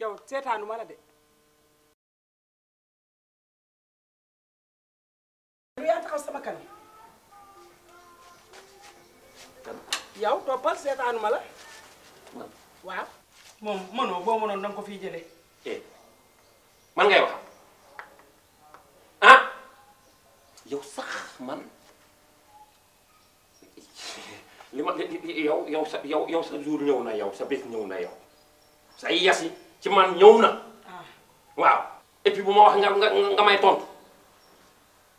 yow seetaanu ma la de. yow yaa taxaw sama kanam yow toppal seetaanu la waaw. moom mënoo boo mënoon ko fiy jële eh man ngay wax ah yow sax man li ma yow yow sa yow yow ñëw na yow sa bés ñëw na yow say yasi. ci man ñëw na ah. waaw et bu ma wax nga nga nga may tontu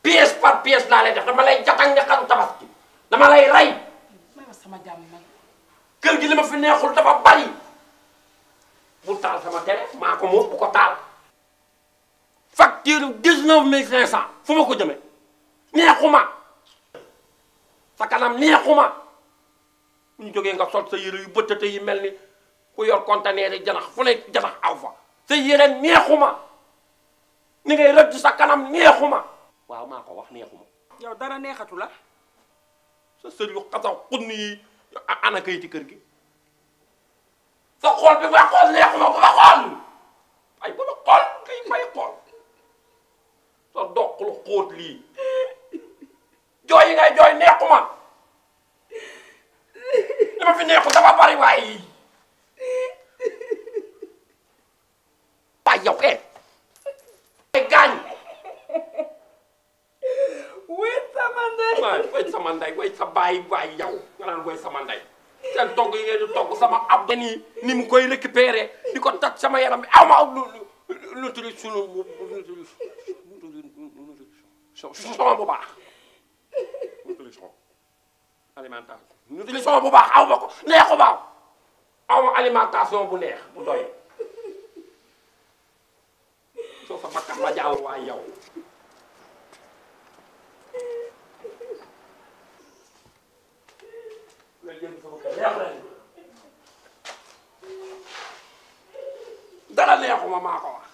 pièce par pièce laa lay def dama lay jatan ñaqaru tabaski dama lay rey sama jàmm nag kër gi li ma fi neexul dafa bari bu taal sama télé ko moom bu ko taal facture dix-neuf mille cinq cent fu ma ko jëmee neexuma sa kanam neexuma ñu nga sol sa yére yu bëtt te yi mel ni ku yor conteneur yi janax fu ne janax aw fa sa yére neexuma ni ngay rëdd sa kanam neexuma waaw maa ko wax neexuma yow dara neexatu la sa sër yu xasaw xunn yi ana kay ci kër gi sa xool bi ma xool neexuma bu ma xool ay bu ma xool kay may xool sa doq lu xóot lii jooy ngay jooy neexuma li ma fi neexu dafa bari waaye ba yow eh. gaañ. wey sama ndey. waay wey sama ndey wey sa baay waay yow nga naan wey sama ndey seen togg yi ngeen di togg sama ab ni ni mu koy récupérer di ko toj sama yaram bi aw ma lu lu lu nutrition nutrition bu baax nutrition alimentation nutrition bu baax aw ma ko neexu baax aw alimentation bu neex bu doy soo fa bakkan la jaaw waay yow dara neexuma maa ko wax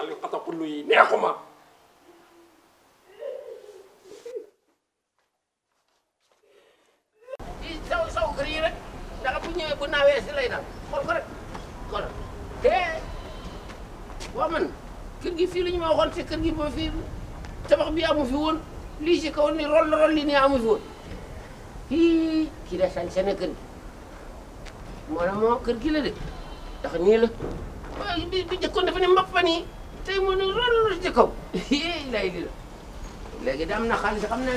Aliou yi neexuma ndax bu ñëwee bu naawee si lay daal xool ko rek xool te wax man kër gi fii la ñu ma waxoon te kër gi ba fii tabax bi amu fi woon lii si kaw ni rol rol li nii amu fi woon kii kii da sañ seen kër gi moo kër gi la de ndax nii la waaye bi bi dafa ne mbap fa nii tey moo ne rol rol ci kaw lay li la léegi daam na xaalis xam naa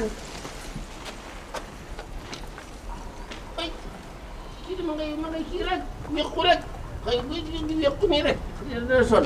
ma ngay ma ngay kii rek wéqu rek xëy wéqu mi rek dina sonn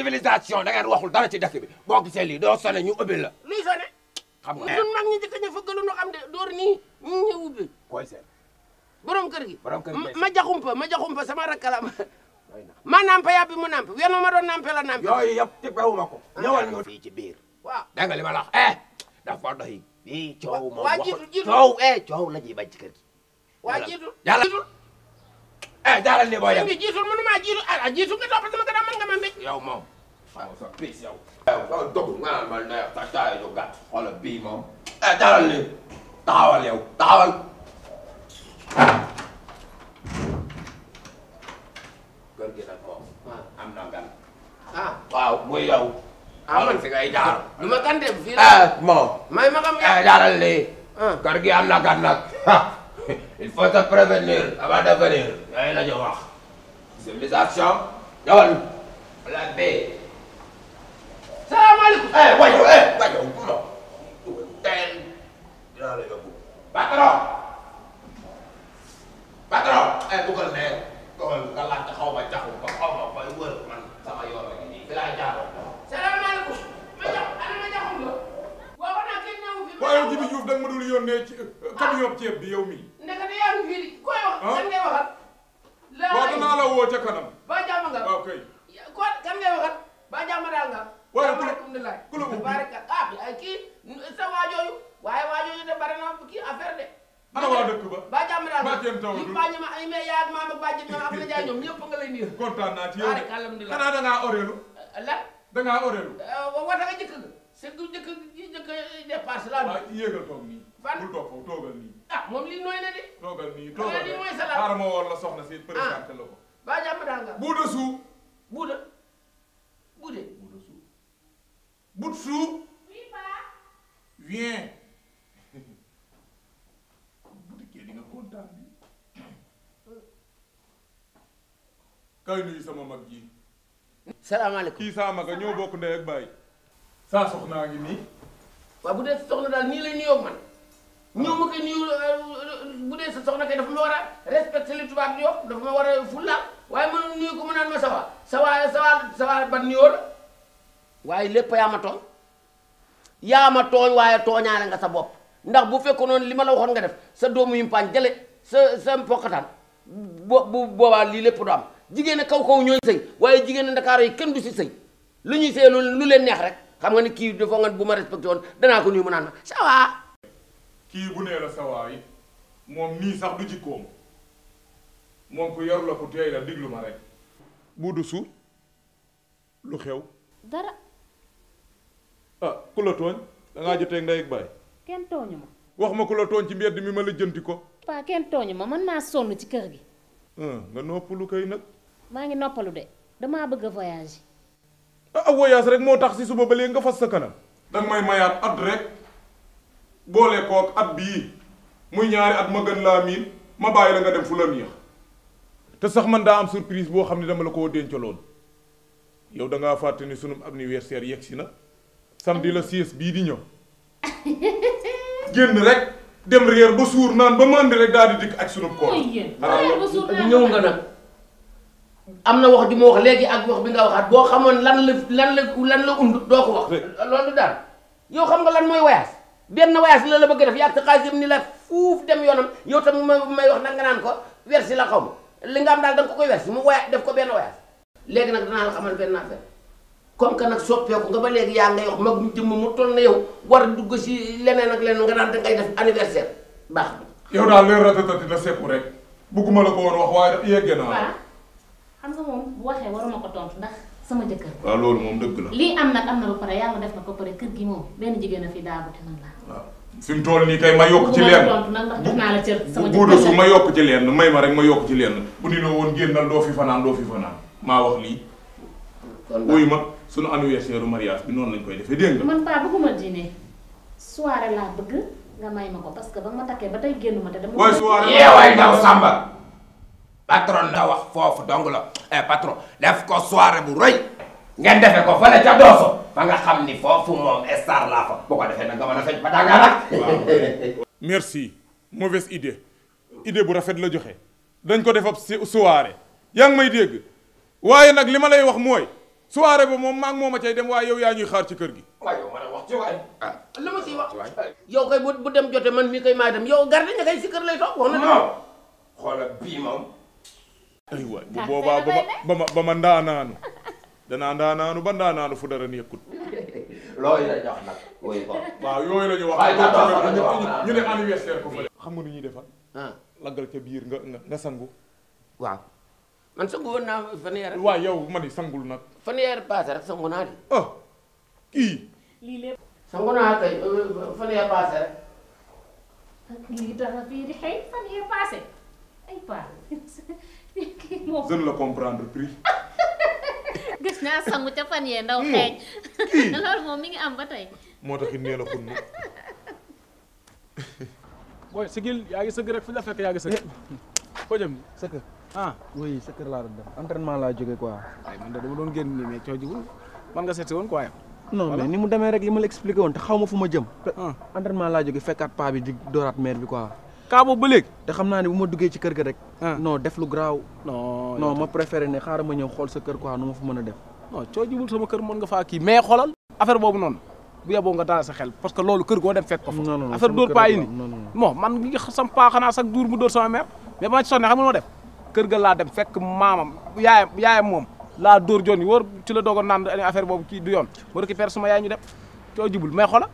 civilisation da ngeen waxul dara ci dëkk bi boo gisee lii doo sone ñu ubbi la. luy sone. xam nga ñun mag ñi njëkk a fëggalu ñu xam de door nii ñu ñëw ubbi. koy borom kër gi borom kër gi ma jaxumpa ma jaxumpa sama ma. ma namp yàbbi mu namp wenn ma doon nampe la namp. yooyu yëpp tibbewuma ko. Ah. ñëwal ñu fii ci biir. waaw dégg ma la wax eh dafa doy. fii coow moom jiitu jiitu eh, la ñuy bañ ci kër ah jaaral ne booy dem bi jiitu mënuma jiitu ah jiitu nga topp sama gannaaw mën moom waaw sa piis yow. waaw dog nga naan ma ne sa caa yu gàtt xoolal bii moom eh, nag ah. am na gan. ah waaw muy yow. ah ma eh, ah. gan dem yaay la wax. civilisation. dawal. la bee. salaamaaleykum. eh waññi eh waññi wu bu ndox. tey dinaa la yóbbu. patron. patron. eh bu ko nee. doxal nga laajte xaw ma jaxu ba xaw ma bay wër man sama yoon la nii fi laa jaaroon. salaamaaleykum. ma jox ana ma joxul nga. waaw xanaa kenn newu fi. waaye Djibi Diouf da nga ma dul yónnee ci ah. camion ceeb bi yow mii. ndekete yaa ngi fii koy wax. Ah. lan ngay waxal. waaw danaa la woo ca kanam. ba jàmm nga. waaw kay. kon kan ngay waxat ba jàmm daal nga. waaye ku la ku la ubbi ah kii sa waajooyu waaye waajooyu de bare na kii affaire de. ana waa dëkk ba ba jàmm daal nga kenn taw ba ñama ay mais yaa ak maam ak bàjjen ñoom am na jaay ñoom ñëpp nga lay niir. kontaan naa ci yow de alhamdulilah xanaa da ngaa oreelu. Eh, lan da ngaa oreelu. Eh, wata nga jëkk nga. c'est du jëkk jëkk dépassé laa. waaw yéegal toog nii. fan bul toog foofu toogal nii. ah moom li nooy na de. toogal nii ah, toogal nii mooy salaam xaaral ma woon la soxna si présenté la ko. Ah, ba jàmm daal nga. buuda suu. buuda buude. buuda suu. buut suu. oui paa. bu dikkee di nga kay nuyu sama mag ji. salaamaaleykum kii saa maga ñoo bokk ndey ak baay. saa soxnaa ngi nii. waaw bu dee soxna daal nii la nuyoo man. ñëw ma koy euh, bu dee sa soxna kay dafa ma war a respecté li tubaab di wax dafa ma war a fullaal waaye man nuyu ko mu naan ma sawa sawa sawa sawa ban nuyoo lépp yaa ma tooñ yaa ma tooñ waaye tooñaale nga sa bopp ndax bu fekkoon noonu li ma la waxoon nga def sa doomu yumpaañ jële sa sa mpoqataan bo boobaa lii lépp du am jigéen kaw kaw ñooy sëy waaye jigéen ndakaaro yi kenn du si sëy lu ñuy sëy lu leen neex rek xam nga ni kii dafa nga bu ma respecté woon danaa ko naan ma kii bu nee la sawaay moom nii sax du jikkoom moom ku yor la ku teey la diglu ma rek bu du lu xew dara ah ku la tooñ dangaa jotee ndey ak baay kenn tooñu ma wax ma ku la tooñ ci mbedd mi ma lijjanti ko paa kenn tooñu ma man maa sonn ci kër gi ah, nga noppalu kay nag maa ngi noppalu de damaa bëgg a voyage ah voyage rek moo tax si suba ba nga fas sa kanam danga may mayaat at rek boole kook at bii muy ñaari at ma gën laa miin ma bàyyi la nga dem fu la neex te sax man daa am surprise boo xam ne dama la koo dencaloon yow da ngaa fàtte ni sunu anniversaire yegg si na samedi la siis bii di ñëw génn rek dem réer ba suur naan ba màndi rek daal di dikk ak sunu koor ñëw nga nag am na wax ju ma wax léegi ak wax bi nga waxaat boo xamoon lan la lan lan la und loolu daal yow xam nga lan mooy voyage benn voyage la la bëgg def yàgg sa xaalis ni la fuuf dem yoonam yow tam may may wax nag nga naan ko versi la xaw ma li nga am daal da ko koy versi mu voyage def ko benn voyage. léegi nag danaa la xamal benn affaire comme que nag soppeeku nga ba léegi yaa ngay wax mag jëmm mu toll na ak leneen nga naan def anniversaire baax yow daal leer ratatati la ko woon wax waaye yegg naa. waaw xam nga moom bu waxee waruma ko tontu loolu lii am nag am na ba pare yàlla def na ko pare kër gi moom benn jigéen a fi daa bu te laa fi mu toll nii kay ma yokk ci leen bu buuda su ma yokk ci leen may ma rek ma yokk ci leen bu ni loo woon génnal doo fi fanaan doo fi fanaan maa wax lii wuyu ma sunu anniversaire mariage bi noonu lañ koy defee dégg nga man paa bëgguma dîner soirée laa bëgg nga may ma ko parce que ba ma takkee ba tey génn ma te dama waaye soirée yeewaay ndaw Samba patron da wax foofu dong la eh, patron def ko soirée bu rëy ngeen defe ko fële ca dooso ba nga xam ni foofu moom star laa fa bu ko defee nag nga mën a fecc ba tàngaa nag merci mauvaise idée idée bu rafet la joxe dañ ko def ab soirée yaa ngi may dégg waaye nag li ma lay wax mooy soirée ba moom maa ngi moom a dem waaye yow yaa ñuy xaar ci kër gi man a wax ci waay ah. yow kay bu dem jote man mi koy maa dem yow garde ña kay si kër lay toog wax na xoolal bii moom ay ah, ba ma ba ma ndaanaanu danaa ndaanaanu ba ndaanaanu fu dara nekkut loolu la ñu wax nag waaw yooyu la wax ñu ne anniversaire ko fële xam nga nu ñuy defal ah. laggal ca biir nga nga nga sangu waaw man sangu woon naa faneer waaw rek sangu naa di ah kii lii lépp sangu naa kay euh, euh, faneer passé rek lii dara fii di xëy faneer passé ay pa je ne comprendre plus gis naa sangu ca fan yee ndaw xeeñ loolu moom mi ngi am ba tey moo tax it nee la xunn booy sigil yaa ngi sëgg rek fu la fekk yaa ngi sëgg eh. foo jëm sa kër ah oui sa kër laa doon def entraînement laa jógee quoi ay man de dama doon génn nii mais coo jiwul man nga seeti woon quoi non mais ni mu demee rek li ma la expliqué woon te xaw ma fu ma jëm ah. entraînement laa jógee fekkaat paa bi di dooraat maire bi quoi kaa boobu ba léegi te xam naa ne bu ma duggee ci kër ga rek ah. non def lu garaaw non ma préféré ne xaaral ma ñëw xool sa kër quoi nu ma fa mën a def non coo jibul sama kër mën nga faa kii mais xoolal affaire boobu noonu bu yeboo nga daal que loolu kër goo dem fekk ko fa affaire dóor paa yi ni bon man ngi sam paa xanaa sax duur mu dóor ba ma ci sonne xam nga def kër ga laa dem fekk maamam yaayam yaayam moom laa door joon yi wóor ci la doogoon naan affaire boobu kii du yoon ma récupère suma yaay ñu dem coo jibul mais xoolal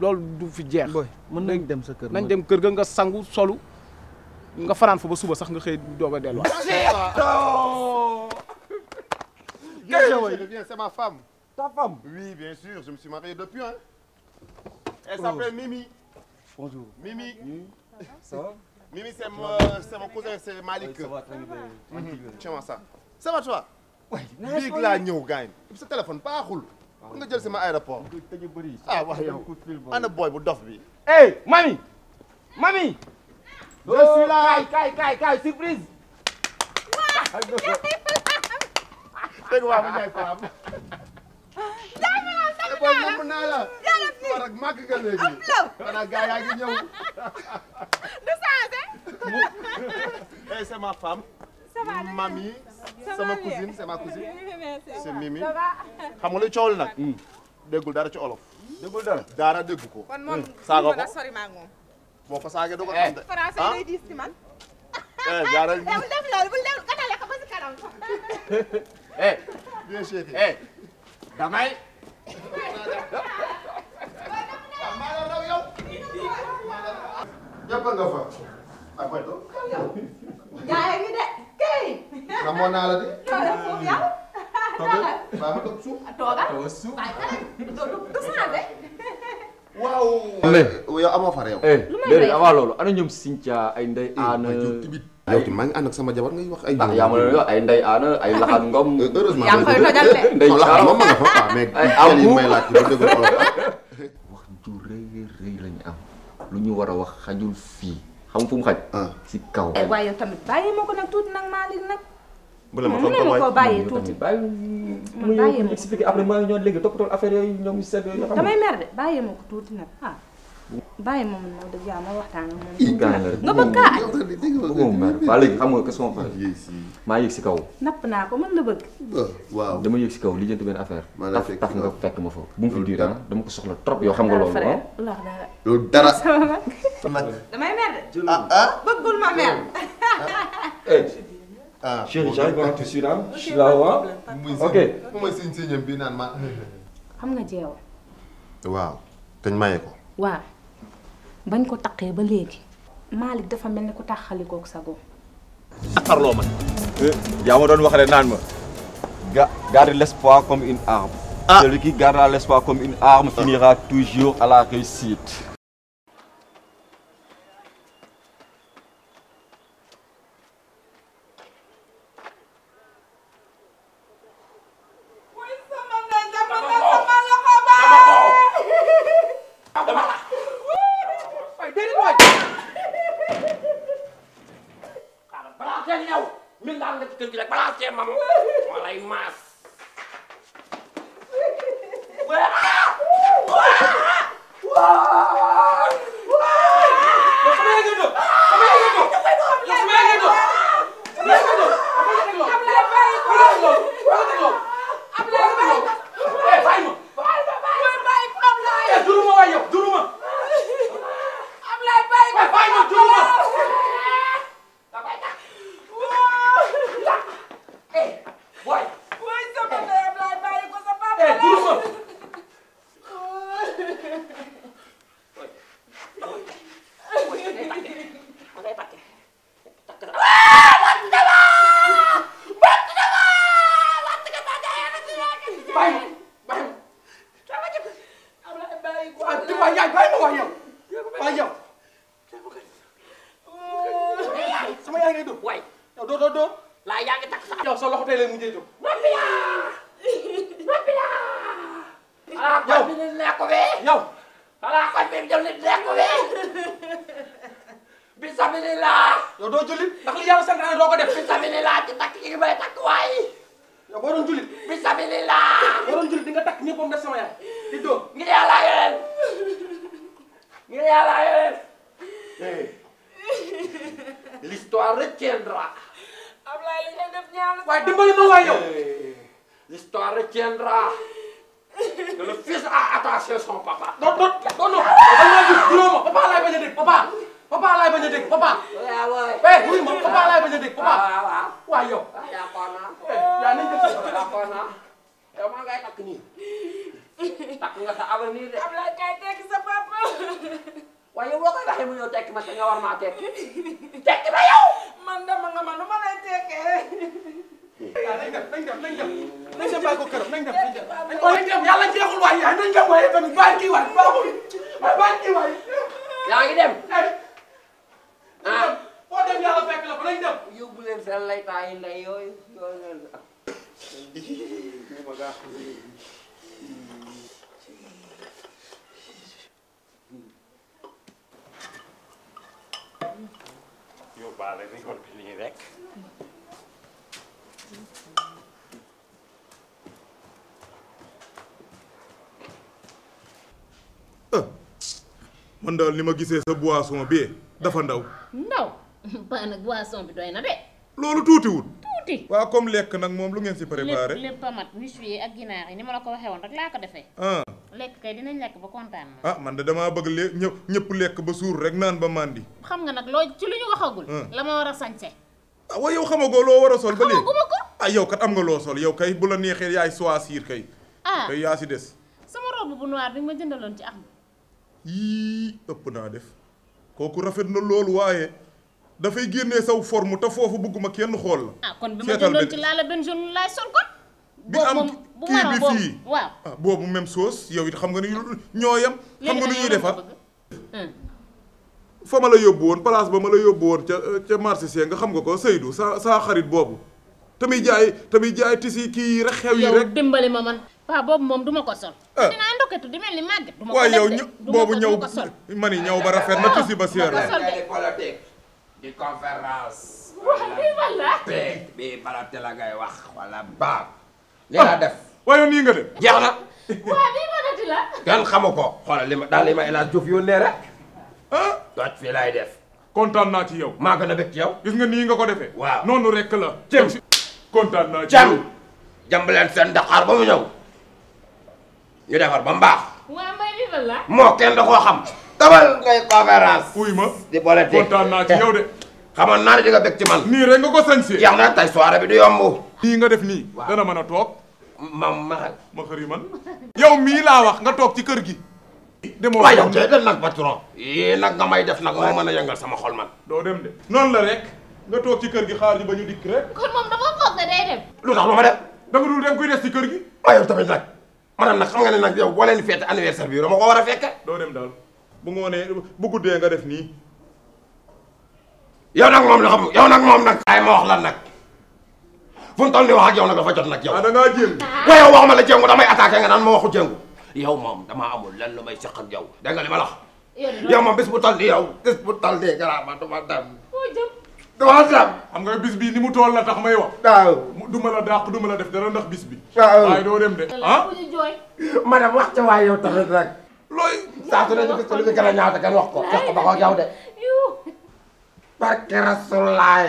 loolu du fi jeex. mën nañ dem sa kër nañ dem kër ga nga sangu solu nga fanaan fa ba suba sax nga xëy doog a delluwaat. c'est ma femme. ta femme. oui bien sûr je me suis marié depuis hein. elle s'appelle Mimi. bonjour Mimi. ça va. Mimi c'est mon cousin c'est Malik. ça va mhm. tiens ça. ça sa téléphone baaxul. pour nga jël si ma aéroport ah wax yow ana booy bu dof bi. hey mami mami. je oh, suis là kay kay kay kay surprise. dégg waa mu jaay faam. jaay naa la war ak màgg nga léegi. am law xanaa gars yaa ngi ñëw. du changé. hey c'est ma femme. mami sama cousine c'est ma cousine c'est Mimi xam nga lu coow li nag déggul dara ci olof déggul dara dara déggu ko hmm. saaga ko boo ko saagee doo ko eh. am de français day ah? diis ci man eh, jaaral eh, bul def loolu bul def katale ko ba si kanam eh bien chef eh damay jàpp nga fa akoyto gaa yi de kay xamoon naa la de toogal suuf yow baa ma toog suuf toogal suuf waaw yow amoo far yow déedéet avant loolu ana ñoom Sinthia ay ndey aana yow maa ngi ànd ak sama jabar ngay wax ay yaa ma leen wax ay ndey aana ay laxaat ngom heureusement yaa ngi koy tojal de ndey laxaat moom ma nga fa mais ay may laaj ci dëgg wax ju rëy rëy lañu am lu ñu war a wax xajul fii xam fu mu xaj. si kaw waaye tamit bàyyi ma ko nag tuuti nag maa nag. bu la ma xam tamit ko bàyyi tuuti bàyyi ma ko expliqué après maa ngi ñëw léegi toppatoo affaire yooyu ñoom seet yooyu. damay mer de bàyyi ma ko tuuti nag bàyyi moom nag dëgg yàlla ma waxtaan moom. ii nga bëgg kaa nga question maa yëg si kaw. napp naa ko man la bëgg. dama yëg si kaw li jënd benn affaire. taf nga fekk ma fa. bu mu fi diir ah, dama ko soxla trop yoo xam nga loolu. waaw ah? loolu dara. damay mer de. Ah, bëggul ma mer. Eh. ah ok xam nga jeewal. waaw dañ maye ko. waaw. bañ ko taqee ba léegi Malick dafa mel ni ku tàqalikook sa góor. akarloo man. Eh, yaa ma doon waxale naan ma. ga garde l'espoir comme une arme. ah celui qui gardera l'espoir comme une arme finira toujours à la réussite. waay. waay sama ndeyam laay bàyyi ko sa papa. xoolal ni ma gisee sa boisson bi dafa ndaw. ndaw ba nag boisson bi doy na de. loolu tuutiwul. tuuti waaw comme lekk nag moom lu ngeen si préparé. lépp lépp ba mat wissuye ko waxee woon ah. lekk kay dinañ lekk ba kontaan ma. ah man de damaa bëgg le ñëpp ñëpp lekk ba suur rek naan ba màndi. xam nga nag loo ci lu ñu waxagul. Ah. la ma war a sañse. ah waaye yow xamagoo loo war a sol. ba léegi xamaguma ko. ah yow kat am nga loo sol yow kay bu la neexee yaay choisir kay. ah kay yaa si des. sama robe bu noir bi ma jëndaloon am yii ëpp naa def kooku rafet na loolu waaye dafay génnee saw forme te foofu bëgguma kenn xool la. ah kon bi ma jëndoon ci laala benn jaune laay am kii bi fii ah, boobu même chose yow it xam nga ni ñoo yam xam nga ni ñuy defar. fa ma la yóbbu woon place ba ma la yóbbu woon ca euh, ca marché see nga xam nga ko Seydou saa saa xarit boobu. tamit jaay tamit jaay tisi kii rek xew yi rek yow dimbali ma waaw boobu moom duma ko sol. Ah. dinaa ndoketu di mel ni màgget. du ma ko def de boobu ñëw ma ni ñëw ba rafet na tuuti ba seer la. di conférence. wala peeg bi bala te la ngay wax wala baab. la ah. def. waaye nii nga def. jeex na. waaw bii ko. xoolal li ma daal li ma El Hadj Diouf yónnee rek. ah. doot fii laay def. kontaan naa ci yow. maa gën a bëgg ci yow. nga nii nga ko defee. waaw noonu rek la. jëm kontaan naa ci yow jëm. jàmb leen seen Dakar ba mu ñu defar ba mu baax. waaw mbay la. moo kenn da koo xam. dabal ngay conférence. uy ma di boole tey kontaan naa ci yow de. xamoon naa ne di nga bég ci man. nii rek nga ko sañsee. yàq na tey soirée bi du yomb. nii nga def nii. dana mën a toog. ma ma ma xëri man. yow mii laa wax nga toog ci kër gi. demoo waaye yow tey de nag patron. yii nga may def nag moo mën a yëngal sama xol man. doo dem de noonu la rek. nga toog ci kër gi xaar ji ba ñu dikk rek. kon moom dafa foog ne day dem. lu tax lu ma def. da nga dul dem kuy des ci kër gi. waaye yow maanaam nag xam nga ne nag yow boo leen fête anniversaire bi dama ko war a fekke doo dem daal bu bu guddee nga def nii yow nag moom la xam yow nag moom nag ay ma wax lan nag fu mu toll nii wax ak yow nag dafa jot nag yow ah, da ngaa jéngu waaye yow waxuma la jéngu damay attaqué nga naan ma waxu jéngu yow moom dama amul lan lu may seq ak yow dégg ma la wax yow moom bis bu toll nii yow bis bu toll nii garaama ma dem damaa xam nga bis bi ni mu tool la tax may wax. waaw du ma la du ma la def dara ndax bi. waaw waaye doo dem de. ah madame wax ca waaye looy. saa su ne a ñaata kenn wax ko wax ko ba ko yow de. barke rasulaay.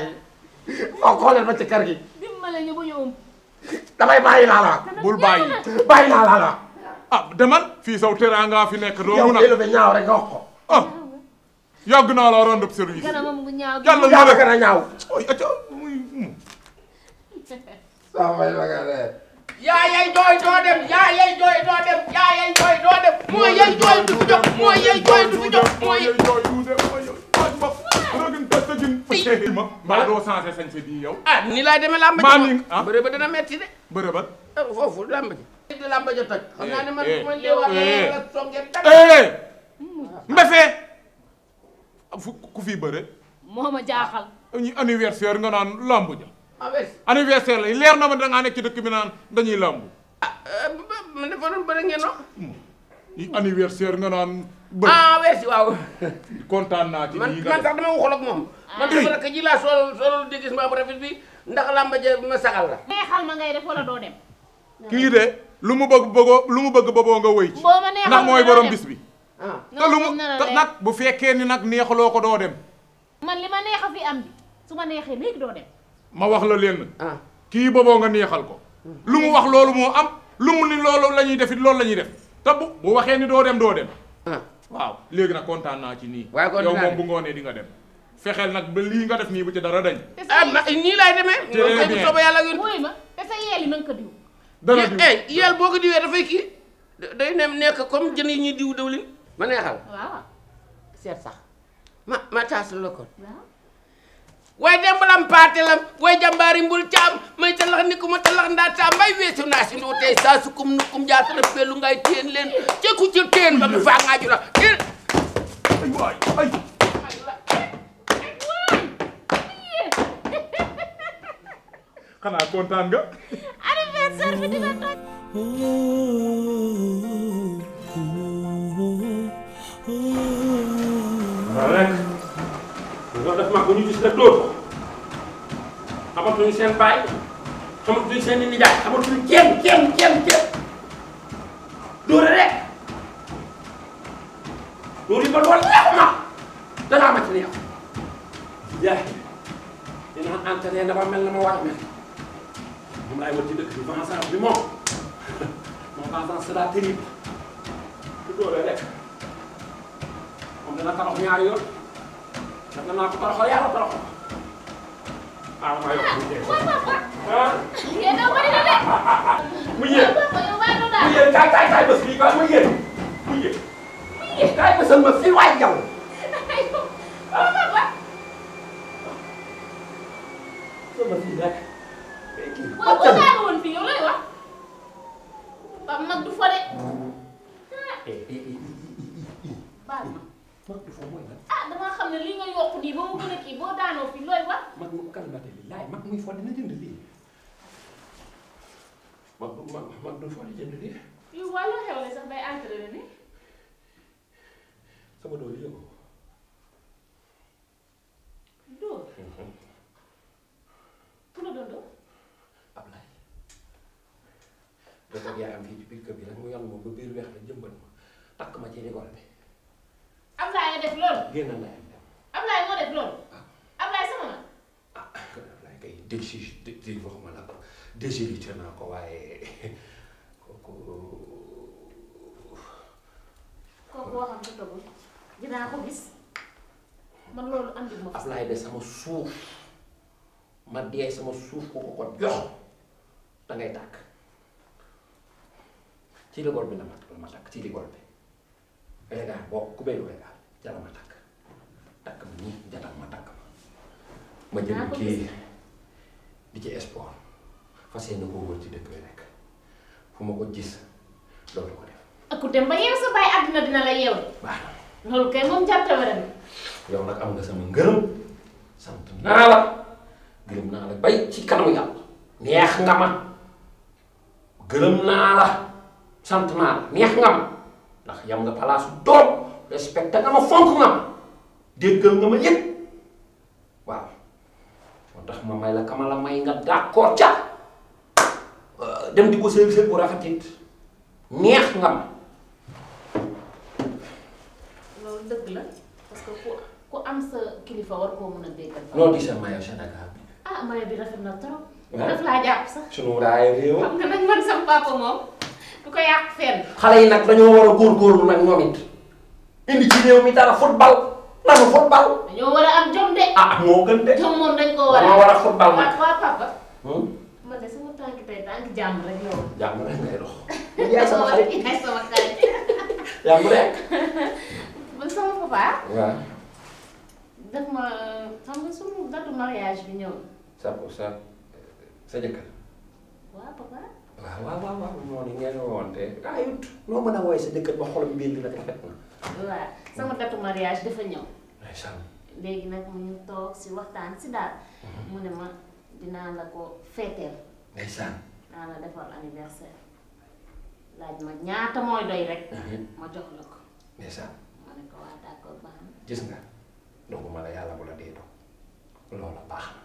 oo oh, xoolal ma ci kër gi. dimbale ñu bu ñu um. damay bàyyi laa bul bàyyi bàyyi laa la. ah demal fii saw teraanga fi nekk. doo mun a yow fi ñaaw rek nga wax ko. Ah. yàgg naa la rendre service. kanamam gu ñaaw gi yàlla yàlla gën a ñaaw. ooy ati muy mu. saa may la nga dee. yaa yay jooy doo dem yaa yay jooy doo dem yaa yay jooy doo dem. moo yay jooy du fi jóg moo yay jooy du fi jóg moo yay jooy du dem moo yay jooy bopp. rëgin bët rëgin. fii ma mbaa doo changé sañ sa bii yow. ah ni laay demee làmb ji. maa mi ah bërëb dana metti de. bërëb ah, foofu làmb ji. làmb ji toj. xam naa ne man eh, bu ma leewaatee la songee. mbese. fu ku fi bëre. moo a jaaxal. Ah, ñu anniversaire nga naan lamb ja. Ah, anniversaire la leer na ma dangaa nekk ci dëkk bi naan dañuy lamb. ah eh, man dafa doon bëri ngeen wax. yi anniversaire nga naan. bëri ah wees kontaan naa ci man man sax dama waxul moom. Ah. man dafa rek ji laa sol sol déguisement bu rafet bi ndax lamba ja ma sagal la. neexal ma ngay def wala doo dem. kii de lu mu bëgg bëggoo lu mu bëgg bëggoo nga wëy ci. ndax mooy borom bis bi. Ah. te lu mu te nag bu fekkee ni nag neexaloo ko doo dem. man li ma neex a fi am bi su ma neexee léegi doo dem. ma wax la lenn. Ah. kii booboo nga neexal ko. Hmm. lu mu wax loolu moo am lu mu ni loolu la ñuy def it loolu la ñuy def te bu bu waxee ni doo dem doo dem. Ah. waaw léegi nag kontaan naa ci nii. waaye kontaan yow moom bu ngoonee di nga dem. fexeel nag ba lii nga def nii bu ci dara dañ. te sa nii laay demee. te léegi bu soobee yàlla wér. mooy ma te sa yeel yi ko diw. dana diw eh yeel boo ko diwee dafay kii day nekk comme jën yi ñuy diw dawlin ma neexal. ma ma taas la kon. waaw. way paate lam way jambaari mbul caam may talax ni ku ma talax ndaa taam may weesu naa si ndoo tey saa sukkum nukkum jaasara pelu ngay teen leen ca teen ba mu faa ngaaju la teen ay waay ay xanaa kontaan nga anniversaire waaw rek loolu daf mag ba ñu gis rek dóor ko amatuñu seen baay amatuñu seen i nijaay amatuñu kenn kenn kenn kenn dóore rek dóor yi ba lool neexu ma danaa ma ci neex jaay dinaa entraîné dafa mel na ma war a mel moom laay wër ci dëkk bi bi moom moom vengeance c'est la terrible du dóore rek moom dana torox ñaari yoon def naa ko toroxal yàlla toroxal ah maa yokk mu jeex ah. yéen a bëri na de. mu yéen mu yéen kaay kaay kaay bés bii quoi mu yéen mu yéen. mu yéen kaay bésal ma fii waay jaww. ci rigole bi. Ablaye def loolu. génn na dem. Ablaye moo def loolu. Ah. Ablaye sama na. ah kon Ablaye kay dégi dé waxuma la ko dégirité naa ko waaye kooku. kooku waxam ko togul dinaa ko gis man loolu andi ma. Ablaye de ma suuf kooku ko jox da ngay tàkk ci bi la ma la ma tàkk bi. weregaar boo ku béy lu weregaar jala ma takk takk ma nii jatal ma takk ma ma jël kii di ci sport fas yéene ko wër ci dëkk bi rek fu ma ko loolu ko dem ba yeew sa bàyyi àddina dina la yeew baax na loolu kay moom jàppte naa la gërëm naa la bay ci kanamu yàlla neex nga ma gërëm naa la sant naa la neex nga ma ndax yam nga palaasu doom respecté nga ma fonk nga ma déggal nga ma yëg waaw moo tax ma may la kama la may nga d'accord ca euh, dem di ko service bu rafetit neex nga ma loolu dëgg la parce que ku ku am sa kilifa war koo mën a déggal noo gisee mayo Sénégal bi ah mayo bi rafet na trop daf laa jàpp sax sunu raay réew xam nga man sama papa moom du ko yàq fenn. xale yi nag dañoo war a góorgóorlu nag ñoom it indi ci mi dara football nanu football. dañoo war a am jom de. ah moo gën de. jom moom dañ koo war a. moo war a football nag waaw papa. Hmm? man de sama tànk tey tànk jàmm rek yow. jàmm rek ngay dox. yaay sama xarit yaay sama xarit. jàmm rek. ba sama papa. waaw. daf ma xam nga sunu datu mariage bi ñëw. sa sa sa jëkkër. waaw waaw waaw waaw waaw noonu ngeen woonte ayut noo mën a woy sa jëkkër ba xolam mbir bi nag na. waaw sama datu mariage dafa ñëw. léegi nag mu ñu toog si waxtaan si daal. Mhm. mu ne ma dinaa la ko féeteel. ndeysaan. dinaa la defal anniversaire laaj ma ñaata mooy doy rek. Mhm. ma jox la ko. ndeysaan. ma ne ko waa d'accord baax na. gis nga doguma la yàlla bu la dee dog loola baax na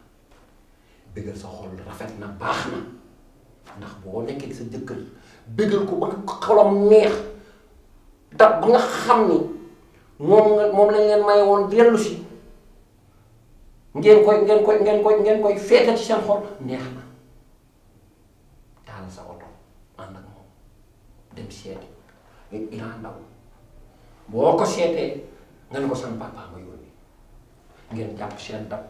bëggal sa xol rafet na baax na. ndax boo nekkee sa jëkkër bëggal ko ba xolam neex da ba nga xam ni moom nga moom lañ leen may woon dellu si ngeen koy ngeen koy ngeen koy ngeen koy feete ci seen xol neex na taal sa ànd ak moom dem seeti Iran Ndao boo ko seetee nga ko sama papa ma yónni ngeen jàpp seen dab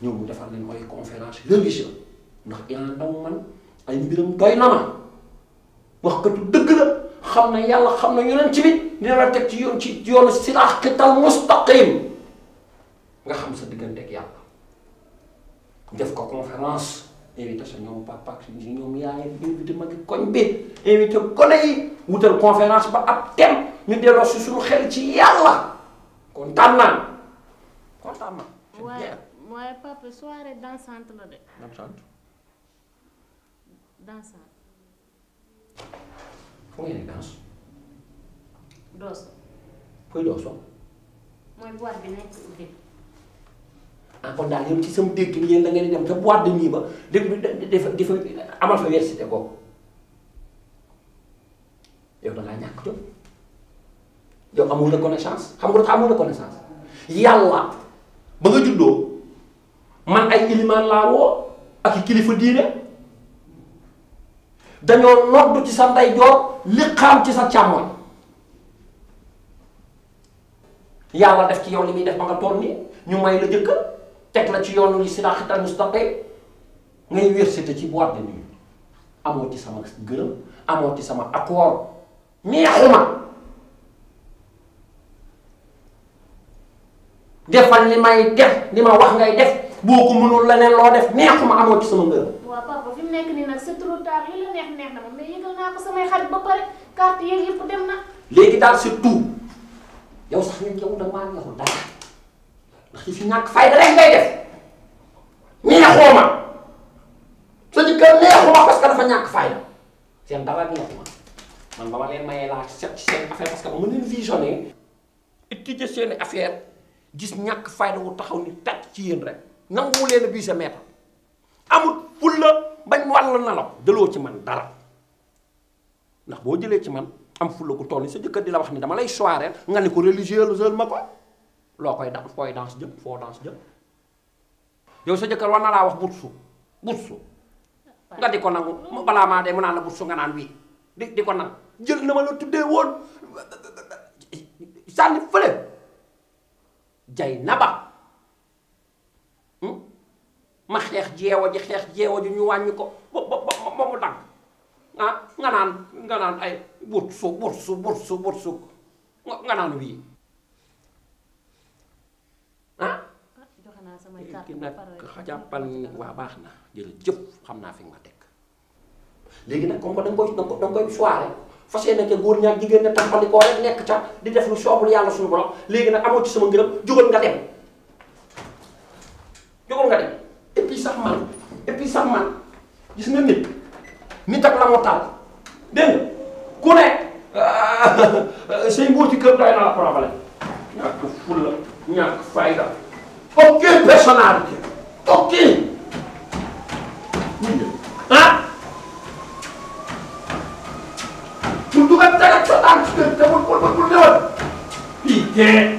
ñëw mu defar leen mooy conférence religieuse ndax Iran Ndao man ay mbiram doy na ma waxkatu dëgg la xam na yàlla xam na yonent ci bi dina la teg ci yoon ci yoonu siraatal mustaqim nga xam sa diggante ak yàlla def ko conférence invité sa ñoom papa ak ñoom yaay invité magi koñ bi invité gone wutal conférence ba ab thème ñu delloo si suñu xel ci yàlla kontaan naa kontaan naa. waaye waaye papa soirée dansante la de. danse foog ngeen danse. dooso. kuy dooso. mooy boîte bi nekk ubbi. ah kon daal yow ci sama dégg yi yéen da ngeen di dem te boîte de nuit ba dafa dafa amal fa versité kooku yow da ñàkk jom yow amul reconnaissance xam nga lu tax yàlla ba nga juddoo man ay ilimaan laa woo ak i kilifa diine. dañoo nodd ci sa ndeyjoor li xaam ci sa càmmoñ yàlla def ci yow li muy def ba nga toll nii ñu may la jëkkër teg la ci yoon li siraatal mustaqim ngay wérsité ci boîte de nuit amoo ci sama gërëm amoo ci sama accord neexuma defal li may def li ma wax ngay def boo ko mënul leneen loo def neexuma amoo ci sama ngërëm mu nekk nii nag c'est trop tard li la neex neex na ma mais yëgal naa ko samay xarit ba pare carte na. léegi daal surtout sax ñun yow da maa neexul dara ndax yi fi ñàkk fayda rek ngay def neexoo sa jëkkër neexu ma parce que dafa ñàkk fayda seen dara neexu ma man ba leen mayee laa set ci seen affaire parce que ba ma leen visionné étudier seen affaire gis ñàkk fayda wu taxaw ni tàcc ci yéen rek nanguwu leen bii sa maître amul fulla bañ walla na la jëloo ci man dara ndax boo jëlee ci man am fulla gu toll sa jëkkër di la wax ni dama lay soirée nga ni ko religieux ma ko loo koy da fooy danse jëm foo danse yow sa jëkkër war na laa wax bursu bursu nga di ko nangu balaa maa dee mu naan nga naan wii di di ko jël na ma la tuddee woon sànni fële jay naba hmm? ma xeex jeewo ji xeex jeewo ji ñu wàññi ko ba ba ba mu ah, nga naan nga naan ay bursu bursu bursu bursu nga naan wii ah. naa samay kàddu nag jàppal ni waa baax na jërëjëf xam naa fi ma teg. léegi nag comme que da nga koy da nga koy soirée fas yéene ke góor ñaar jigéen ne tàmbalikoo rek nekk ca di def lu soobul yàlla suñu borom léegi nag amoo sama ngërëm jógal nga dem jógal nga dem. gis nga nit nit ak la mu taal dégg nga ku kër doy na la problème ñàkk fulla ñàkk fayda aucune personnalité aucune ah pour dugal dara sa tànk si kër te bul bul bul newal fii tee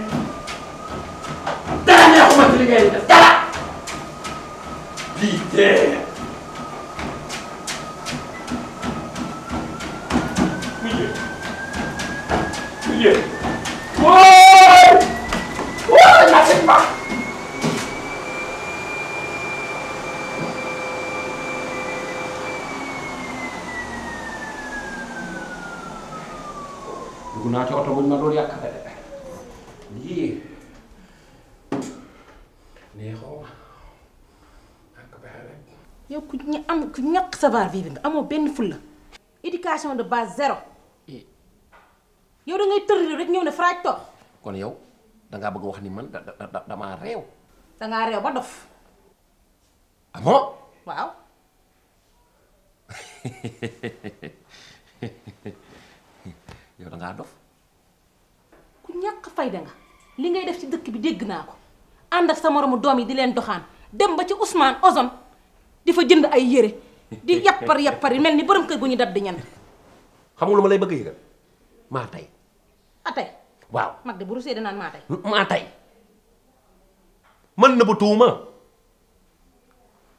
dara neexuma ci li ngay def dara fii tee savoir vivre nga amoo benn fulla éducation de base zéro eh. yow da ngay tërri rek ñëw ne faraaj kon yow da bëgg wax ni mën da damaa réew da ngaa ba dof amoo waaw yow da dof ku ñàkk fayda nga li ngay def ci dëkk bi dégg naa ko ànd ak sa moromu doom yi di leen doxaan dem ba ci Ousmane Ozone di fa jënd ay yére di yappar yappar yi mel ni borom kër gu ñu dab di ñan. xamul lu ma lay bëgg yëgal maa tey. a waaw mag de bu rusee danaan maa tey. maa tey man nëbbu tuuma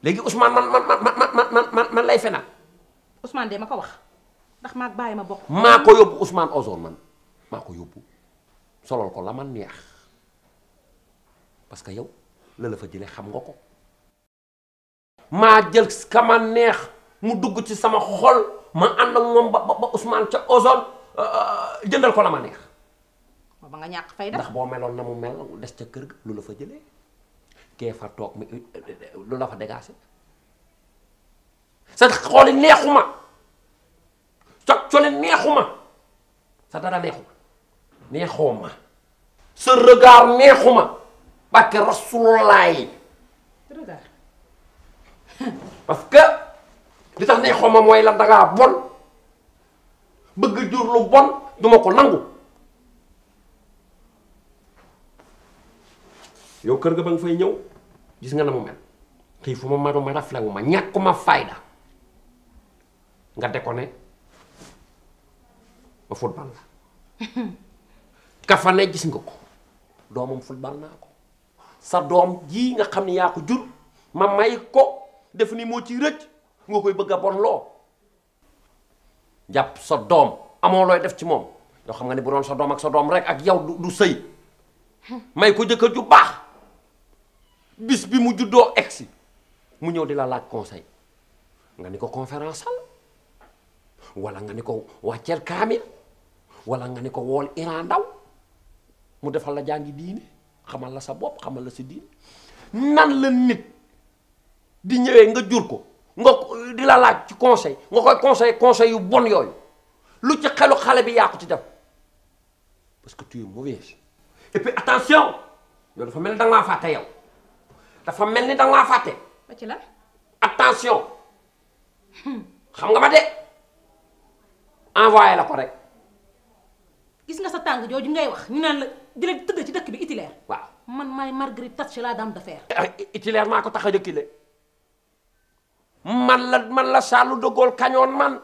léegi Ousmane man man man man lay fena. Ousmane de ma ko wax ndax maa bàyyi ma bokk. maa ko yóbbu Ousmane Ozone man maa ko yóbbu solol ko la man neex parce que yow la la xam nga ko. maa jël kama neex mu dugg ci sama xol ma ànd ak moom ba ba Ousmane ca Ozone euh, euh, jëndal ko la ma neex. ba nga ñàq fay da ndax boo meloon na mu mel des ca kër gi lu la fa jëlee kee fa toog mi euh, lu la fa dégagé sa xooli neexuma cog coli neexuma sa dara neexuma neexuma sa regard neexuma bàkke rasulullah yi parce que li tax neexoo ma mooy la dangaa bon bëgg jur lu bon duma ko nangu yow kër ga ba nga fay ñëw gis nga na mel xii fu ma maru ma raflewu ma ñàkkuma fayda nga déconné ma football la kafane gis nga ko doomam football naa ko sa doom jii nga xam ne yaa ko jur ma may ko def nii moo ciy rëcc nga koy bëgg a bon loo jàpp sa doom amoo looy def ci moom yoo xam nga ne bu doon sa doom ak sa doom rek ak yow du sëy may ko jëkkër ju baax bis bi mu juddoo egsi mu ñëw di la laaj conseil nga ni ko conférence al wala nga ni ko wàcceel kaamil wala nga ni ko wool iran ndaw mu defal la jàngi diine xamal la sa bopp xamal la sa diine nan la nit di ñëwee nga jur ko nga di la laaj ci conseil nga koy conseil conseil yu bon yooyu lu ci xelu xale bi yàqu ci def parce que tu es mauvaise et puis attention yow dafa mel ni danga nga maa fàtte yow dafa mel ni da nga fàtte. ci la attention hmm. xam nga ma de envoyé la ko rek. gis nga sa tàng jooju ngay wax ñu naan la di la tëdd ci dëkk bi itilaire. waaw man maay Marguerite Thatcher la dame d'affaires. Ah, itilaire maa ko tax a dëkkile. man la man la Charles de Gaulle kañoon man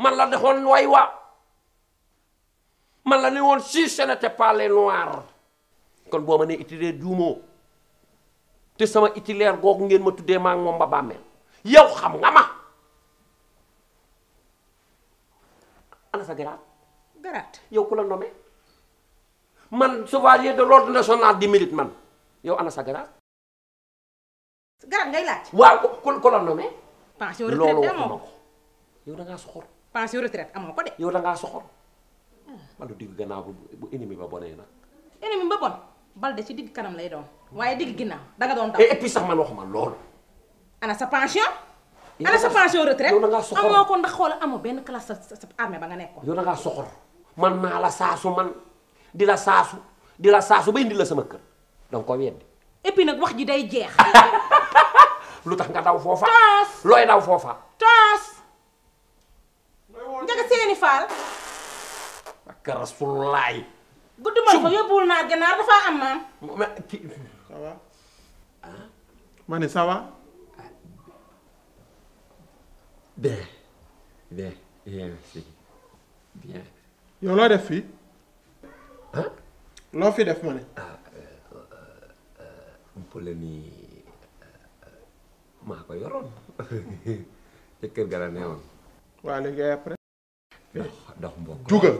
man la dexoon way wa man la ne woon si ce n'était pas les kon boo ma ne itileer juumoo te sama itileer googu ngeen ma tuddee maa moom ba bàmmeel yow xam nga ma ana sa garaat garaat yow ku la nommé man chevalier de l'ordre national du mérite man yow ana sa garaat garab ngay laaj. waaw ku ku la nommé. pension retraite amoo ko yow da ngaa soxor. pension retraite amoo ko de. yow da soxor. man digg gannaaw bu bu ennemi ba bonee nag. ennemi ba bon bal de ci digg kanam lay doon waaye digg ginnaaw da nga doon daw. Eh, et puis sax man waxuma loolu. ana sa pension. ana sa pension retraite yow da ngaa soxor amoo ko ndax xoola amoo benn classe sa sa armée ba nga nekkoon. yow da ngaa soxor man naa la saasu man di la saasu di la saasu ba indi la sama kër da nga weddi. et puis nag wax ji day jeex. lu tax nga daw foofa. taas looy daw foofa. taas. njëkk seeni faal. ak rasulaay. gudd man ko yóbbuwul naa gànnaar dafa am maam. ça va ma ne ça va. Ah, bien bien bien merci loo def fii. loo fi def ma umpale ni maa ko yoroon ca kër ga la ne woon. waa jugal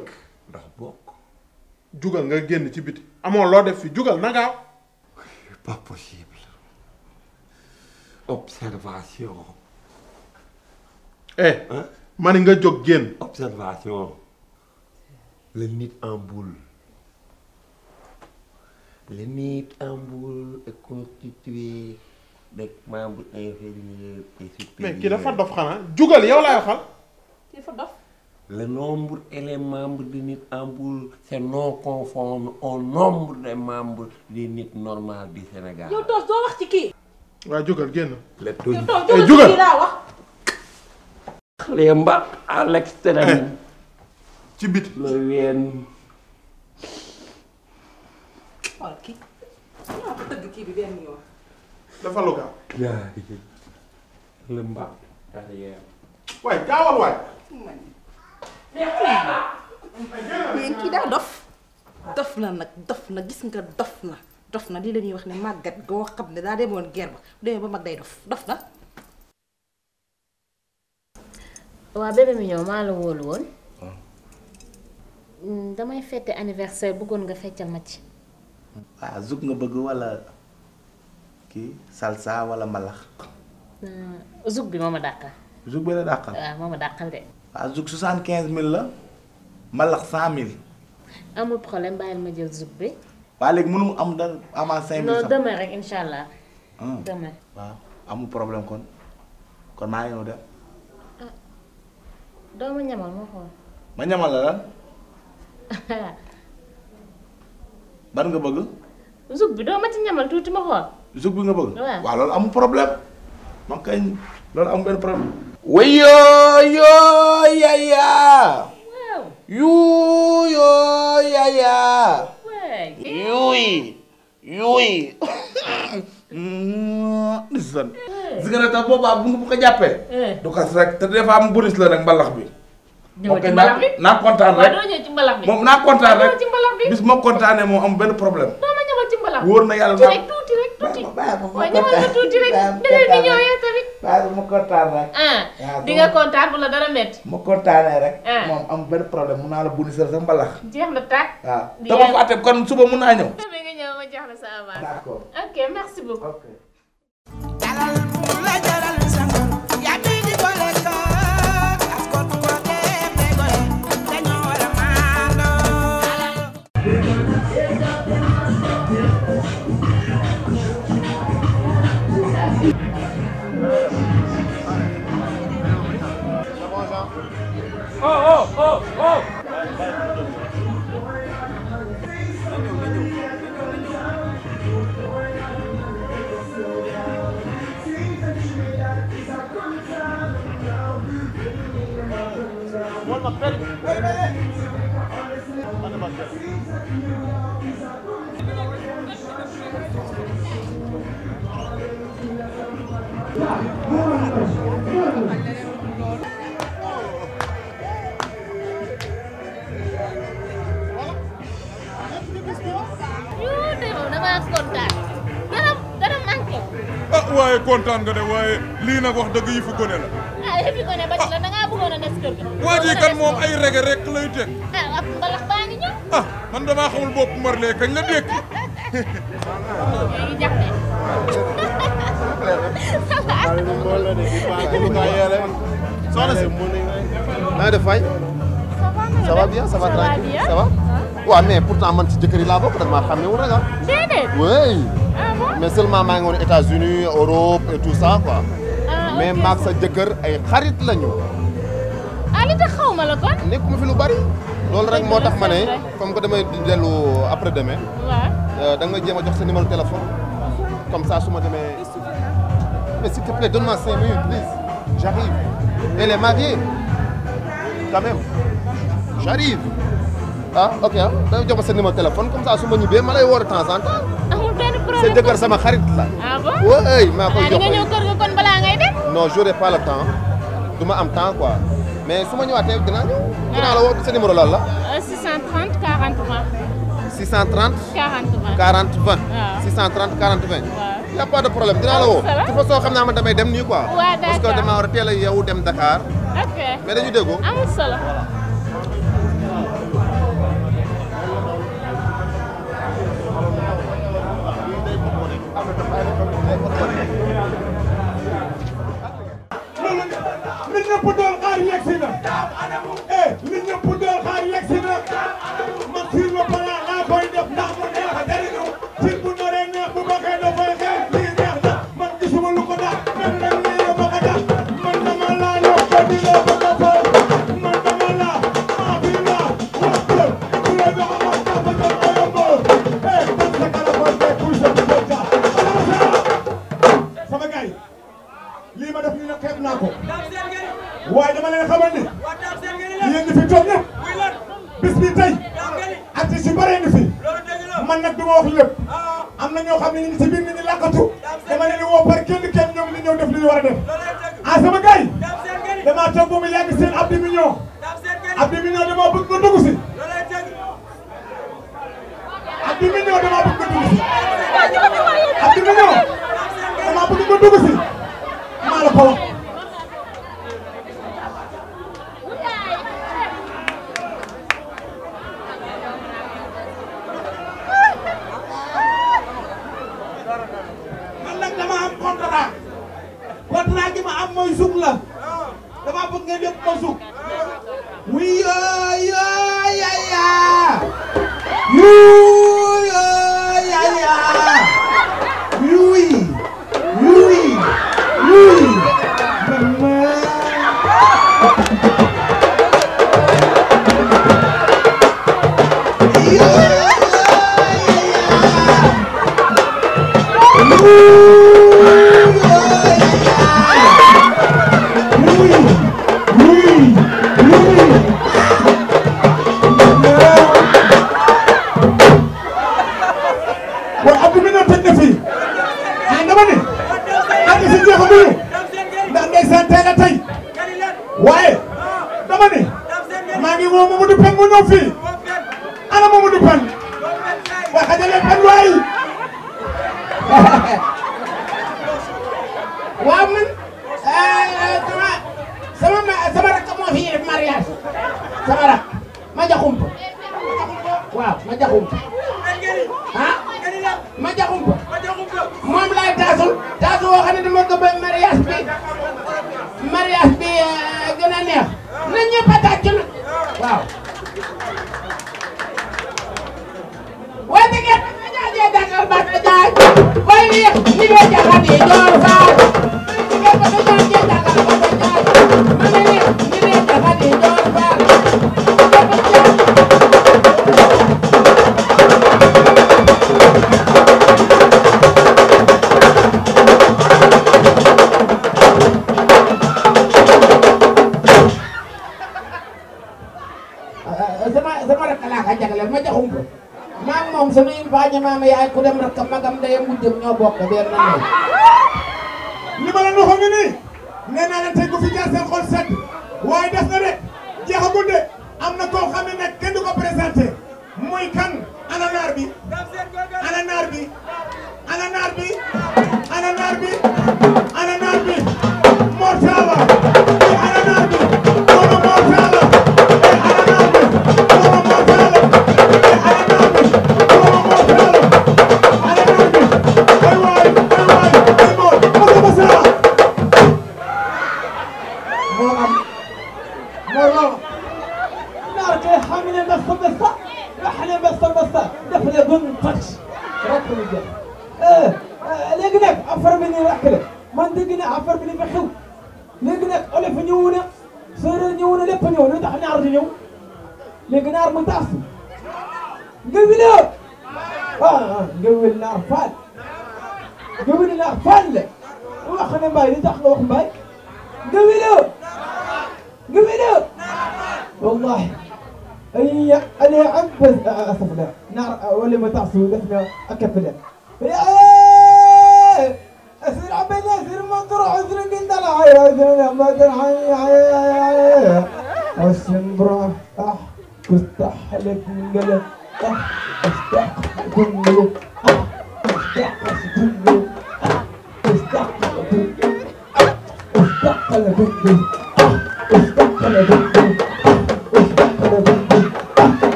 jugal nga génn ci biti amoo loo def fi jugal na gaaw. pas possible observation. eh. man nga jóg génn. observation. le nit en le NIT en Mbour est de membres inférieurs et supérieurs. mais ki dafa dafa dof. le nombre et les membres NIT en Mbour non conforme au nombre des membres du NIT normal du Sénégal. yow toos doo wax ci kii. waaw jugal génn. le toos yow eh, jugal laa wax. xale mba à l'extérieur. Eh, ci bit la ween. xool kii daa dof. dof na nag dof na gis nga dof na dof na lii la ñuy wax ne màggat goo xam ne daa demoon ger ba demee ba mag day dof dof na. waaw bébé mi ñëw maa la wóolu woon. Ah. Mm, damay fête anniversaire bëggoon nga feccal ma ci. waaw zouk nga bëgg wala kii salsa wala malax. Hmm, zouk bi moo ma dàqal. zouk bi la dàqal. waaw moo ma dàqal de. waaw zouk soixante quinze mille la malax cent mille. amul problème bàyyil ma jël zouk bi. waaw léegi mënu am da avant cinq mille. non demain rek incha allah. Hmm. demain waaw amul problème kon kon maa ngi ñëw de. ah ñamal ma xool. ma ñamal la lan. ban nga bëgg. zug bi doo ma ñamal tuuti ma xool. zug bi nga bëgg. waaw loolu amul problème. man kay loolu amul benn problème. wayoo yoo yuuy yuuy. gis mm, nga ne tax boobaa bu ko jàppee. du kas rek te des fois am bonus la nag mbalax bi. ñëw ci mbalax bi naa kontaan rek moom naa kontaan rek moom am benn problème doo ma ñëwal ci mbalax na yàlla tuuti rek tuuti waaw tuuti rek beneen bi ñëwee kontaan rek ah di nga kontaan bu la dara métti ma kontaanee rek ah. moom am benn problème mun naa la bonisal sa mbalax jeex na tàkk waaw ah, dama fàtte kon suba mun naa ñëw Oh, oh, oh, oh! One more, Ah, waaye kontaan nga de waaye lii nag wax dëgg yi fu gone la. ah yëf yi gone ba ci la da ngaa bëggoon a kër ga. waa ji kan moom ay rege rek lay teg. Ah, ah man damaa xamul bopp Marley kañ la dékki. soxna si naa def fay. ça va bien ça va tranquille ça va. waaw mais pourtant man ci jëkkër yi laa bokk dama xam ne wul rek ah. déedéet. oui. Ah mais seulement maa ngi woon États-Unis Europe et tout ça quoi. Ah, mais maag sa jëkkër ay xarit lañu. ah li tax xaw ma la kon. nekkuma fi lu bari. loolu rek moo tax ma ne comme que damay dellu après demain. waaw euh, da nga may jéem a jox sa téléphone. comme ça su ma demee. mais s'il te plaît donne-moi cinq minutes please. j'arrive elle ah ok ah jox ma sa téléphone comme ça su ma ñibbee ma lay woo de temps en temps. sama xarit la. ah bon koy jox nga non j'aurai pas le temps du ma am temps quoi mais su ma ñëwaatee dinaa ñëw. dinaa la woo sa numéro lan la. 630 40 20. 630. 40 20 40 20. waaw 630 40 20. waaw y' a pas de problème dinaa la woo. ci fa soo xam naa man damay dem nii quoi. waaw d'accord parce que damaa war a teel a yow dem Dakar. ok mais dañu déggoo amul solo.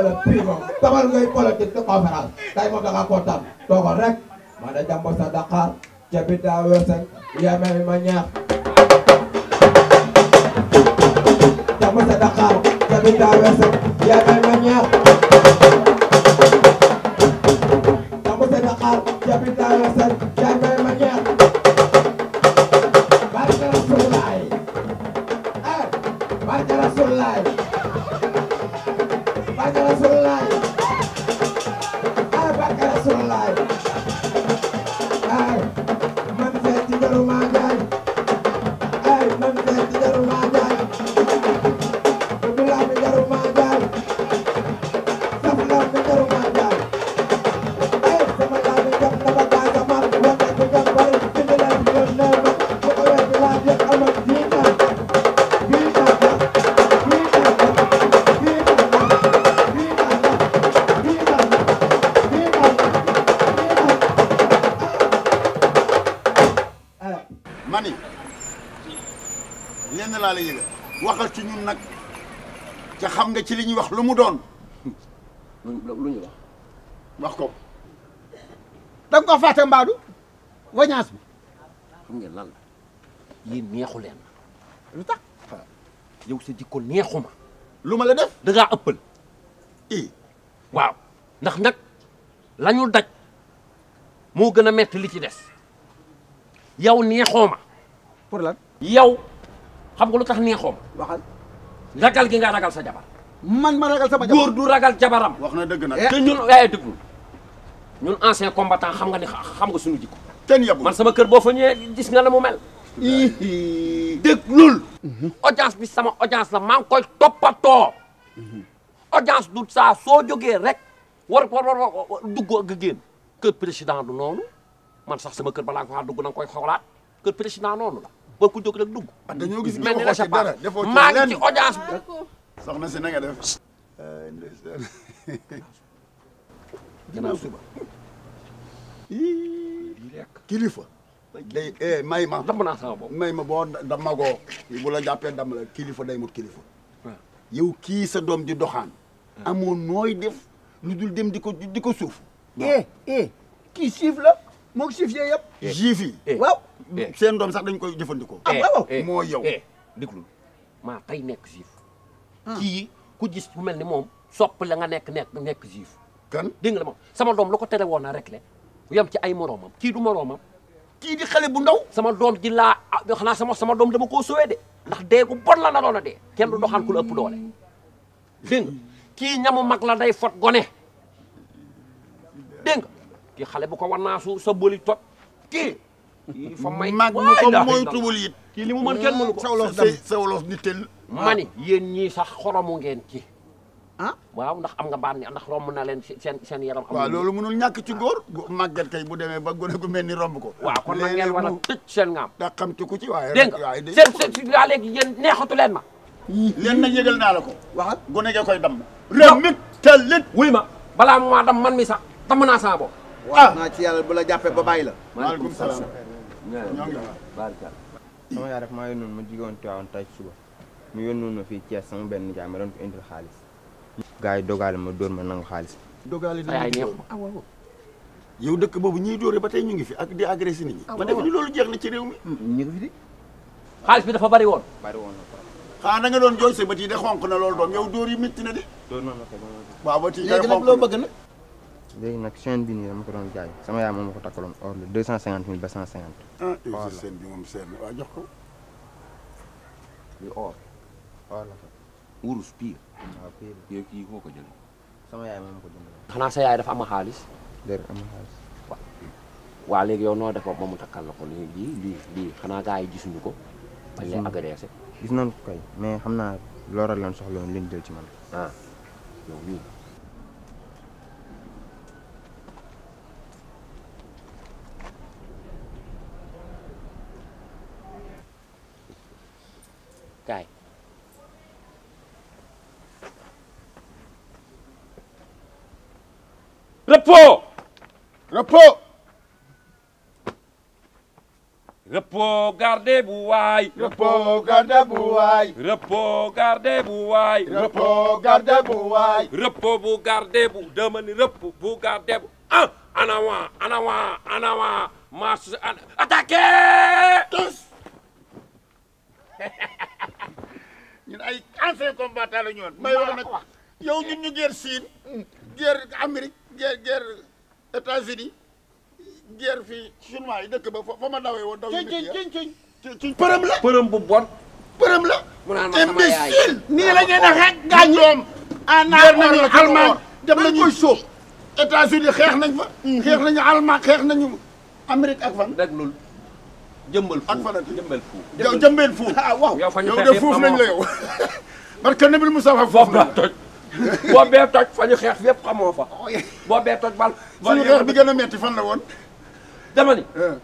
ëllëg fii moom taxawal ngay politique di conférence tey moom da ngaa kontaan toogoon rek ma da jàmbo sa Dakar ca bi daa wërsëg yeme mi ma ñeex jàmbo sa Dakar ca bi daa wërsëg yeme mi ma ñeex ci li ñuy wax lu mu doon. lu ñu wax. wax ko. da ko fàtte mbaadu wañaas bi. xam ngeen lan la yéen neexu leen lu tax yow sa jikko neexu ma. lu ma la def da ëppal. waaw ndax nag la ñu daj moo gën a metti li ci des yow neexoo ma. pour lan yow xam nga lu tax neexoo ma. waxal ragal gi nga ragal sa jabar. man ma ragal sama jabar góor du ragal jabaram. wax na dëgg nag eh. te ñun ay déglu ñun ancien combattant xam nga ni xam nga suñu jikko. kenn yabul man sama kër boo fa ñëwee gis nga la mu mel. déglul. Mhm. audience bi sama audience la maa ngi koy toppatoo. Mhm. audience du saa soo jógee rek war war war duggoo kër président du noonu man sax sama kër balaa nga na nga koy xoolaat kër président noonu la war ku jóg rek dugg. dañoo gis ngeen ko ci soxna si na nga def. ginnaaw suba. kilifa. day eh, may ma. damm naa sama bopp may ma boo la jàppee damm la kilifa day kilifa. Ah. yow kii sa doom di doxaan. Ah. amoo nooy def lu dul dem di ko di ko suuf. Ah. Eh, eh, siif la moog siif yee yëpp. juif seen doom sax dañ koy jëfandikoo. ah waaw moo yow. déglu maa tey nekk juif. Ah. kii ku jis ku mel ni moom sopp la nga nekk nekk nekk juif kan dégg nga la moom sama doom lu ko tere woon a rek le yam ci ay moroomam kii du moroomam kii di xale bu ndaw sama doom ji laa ah, xanaa sama sama doom dama koo sowee de ndax dee gu bon kenn du doxaan ku la ëpp doole dégg nga kii mag la day fot gone dégg nga kii xale bu ko war naa su sa bëli tot kii kii fa may mag mu ko moytuwul it kii li mu mën kenn mënu ko sawlof sawlof nitel mani yéen ñii sax mu ngeen ci. ah waaw ndax am nga baat ni ndax romb na leen seen seen yaram. am waaw loolu mënul ñàkk ci góor. màgget kay bu demee ba gone gu mel ni romb ko. waa kon nag ngeen war a tëj seen ngaam. daa xam te ku ci waaye. dégg nga seen seen daa léegi yéen neexatu leen ma. leen na yëgal naa la ko. waaw gone gee koy dam remit te lit wuy ma balaa maa dam man mi sax damm naa saa bopp. Ah. naa ci yàlla bu la jàppee ba bàyyi la. maaleykum salaam maaleykum salaam. ñoo ngi sama yaa rek maa ngi noonu ma jóge woon Tivaouane tey mu yónnoon ma fii Thiès sama benn jaay ma doon ko xaalis. gars yi dogaale ma dóor ma nangu xaalis. dogaale nangu dóor ma ah, waaw yow dëkk boobu ñiy dóore ba tey ñu ngi fi ak di agressé nit ñi. Ah, ma def ni loolu jeex na ci réew mi. Hmm, ñu ngi fi di. xaalis bi dafa bari woon. bari woon na trop. xanaa na nga doon jooy sa bët yi de xonq na loolu doom yow dóor yi métti na de. dóor na ma ko waaw ba ci léegi nag loo bi nii dama ko doon jaay sama yaay moom ma ko takkaloon or la deux cent cinquante mille ba cent cinquante. ah seen bi jox ko. wurus pire. waaw pire ko jëlee. sama yaay moom ko jëndee. xanaa sa yaay dafa am xaalis. déedéet yow noo defoon ba mu takkal la ko lii lii lii xanaa gars yi gisuñu ko. bañ lay gis nañ ko kay mais xam naa loola lan soxla woon li ñu jël ci man. ah repos repos repos garde waay repos garde waay repos garde waay repos garde waay repos bu garde bu dama bu garde bu ah en avant en avant en avant marche ay anciens combattants la yow ñun ñu guerre Chine guerre Amérique guerre guerre États-Unis guerre fii chinois yi dëkk ba fa ma dawee woon. daw yu métti yàlla përëm la përëm bu përëm la. mu naan ma sama yaay imbécile. nii la ñuy naxee gaañ ñoom. en Allemagne dem nañu États-Unis xeex nañ fa. Mm-hmm. xeex nañu Allemagne xeex nañu ak fan. rek loolu jëmbal fuuf ak fan jëmbal fuuf. jëmbal fuuf ah waaw. yow de fuuf nañ la yow. que Nabil Moussa foofu boo bee toj fa ñu xeex yëpp xamoo fa. Oh, boo bee toj bal. suñu xeex bi gën a metti fan la woon. dama ni. Eh.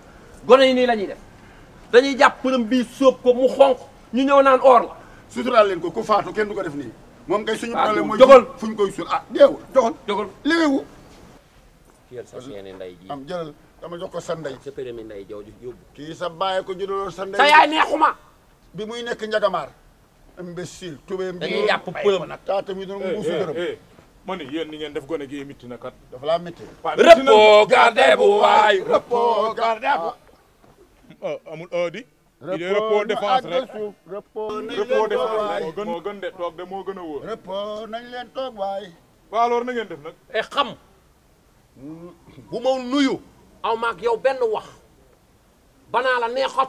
gone yi nii la def dañuy jàpp përëm bii sóob ko mu xonq ñu ñëw naan or la. suturaal leen ko ko faatu kenn du ko def nii. moom kay suñu problème mooy fu ñu koy suul ah deewul jogal jogal sa seeni nday ji am jëlal dama jox ko sa ndey. sa pérémi nday jooju yóbbu. sa bàyyi ko juddaloo sa ndey. sa yaay neexuma. bi muy nekk njagamaar. imbécile tubéem bi dañuy jàpp pëlëm nag taatam yi doon eh, eh, eh. ngeen def gone gi métti na kat dafa laa métti repos gardé bu waay repos gardé ah. ah, amul heure moo gën de toog de moo gën a wóor. repos leen toog waay. waaw alors def nag. e xam mm. bu ma nuyu aw maag yow benn wax banaa la neex a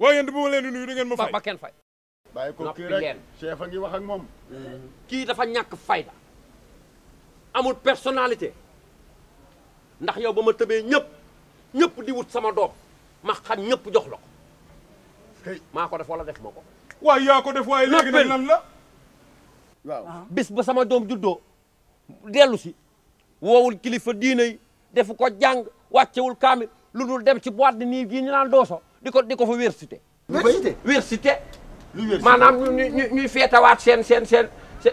waaye yéen bu ma leen di nuyu da ngeen ma fay ba kenn fay ko kii rek chef a ngi wax ak moom dafa ñàkk fayda amul personnalité ndax yow ba ma tëbee ñëpp ñëpp di wut sama doom ma xañ ñëpp jox la ko maa ko def wala def ma ko waaye yaa ko def waaye léegi nag la waaw ah. bis ba sama doom ju dellu si woowul kilifa diine yi defu ko jàng wàccewul kaamil lu dul dem ci boîte de nuit gii ñu naan dooso di ko di ko fa wérsité wérsité wérsité maanaam ñu ñuy feetawaat seen seen seen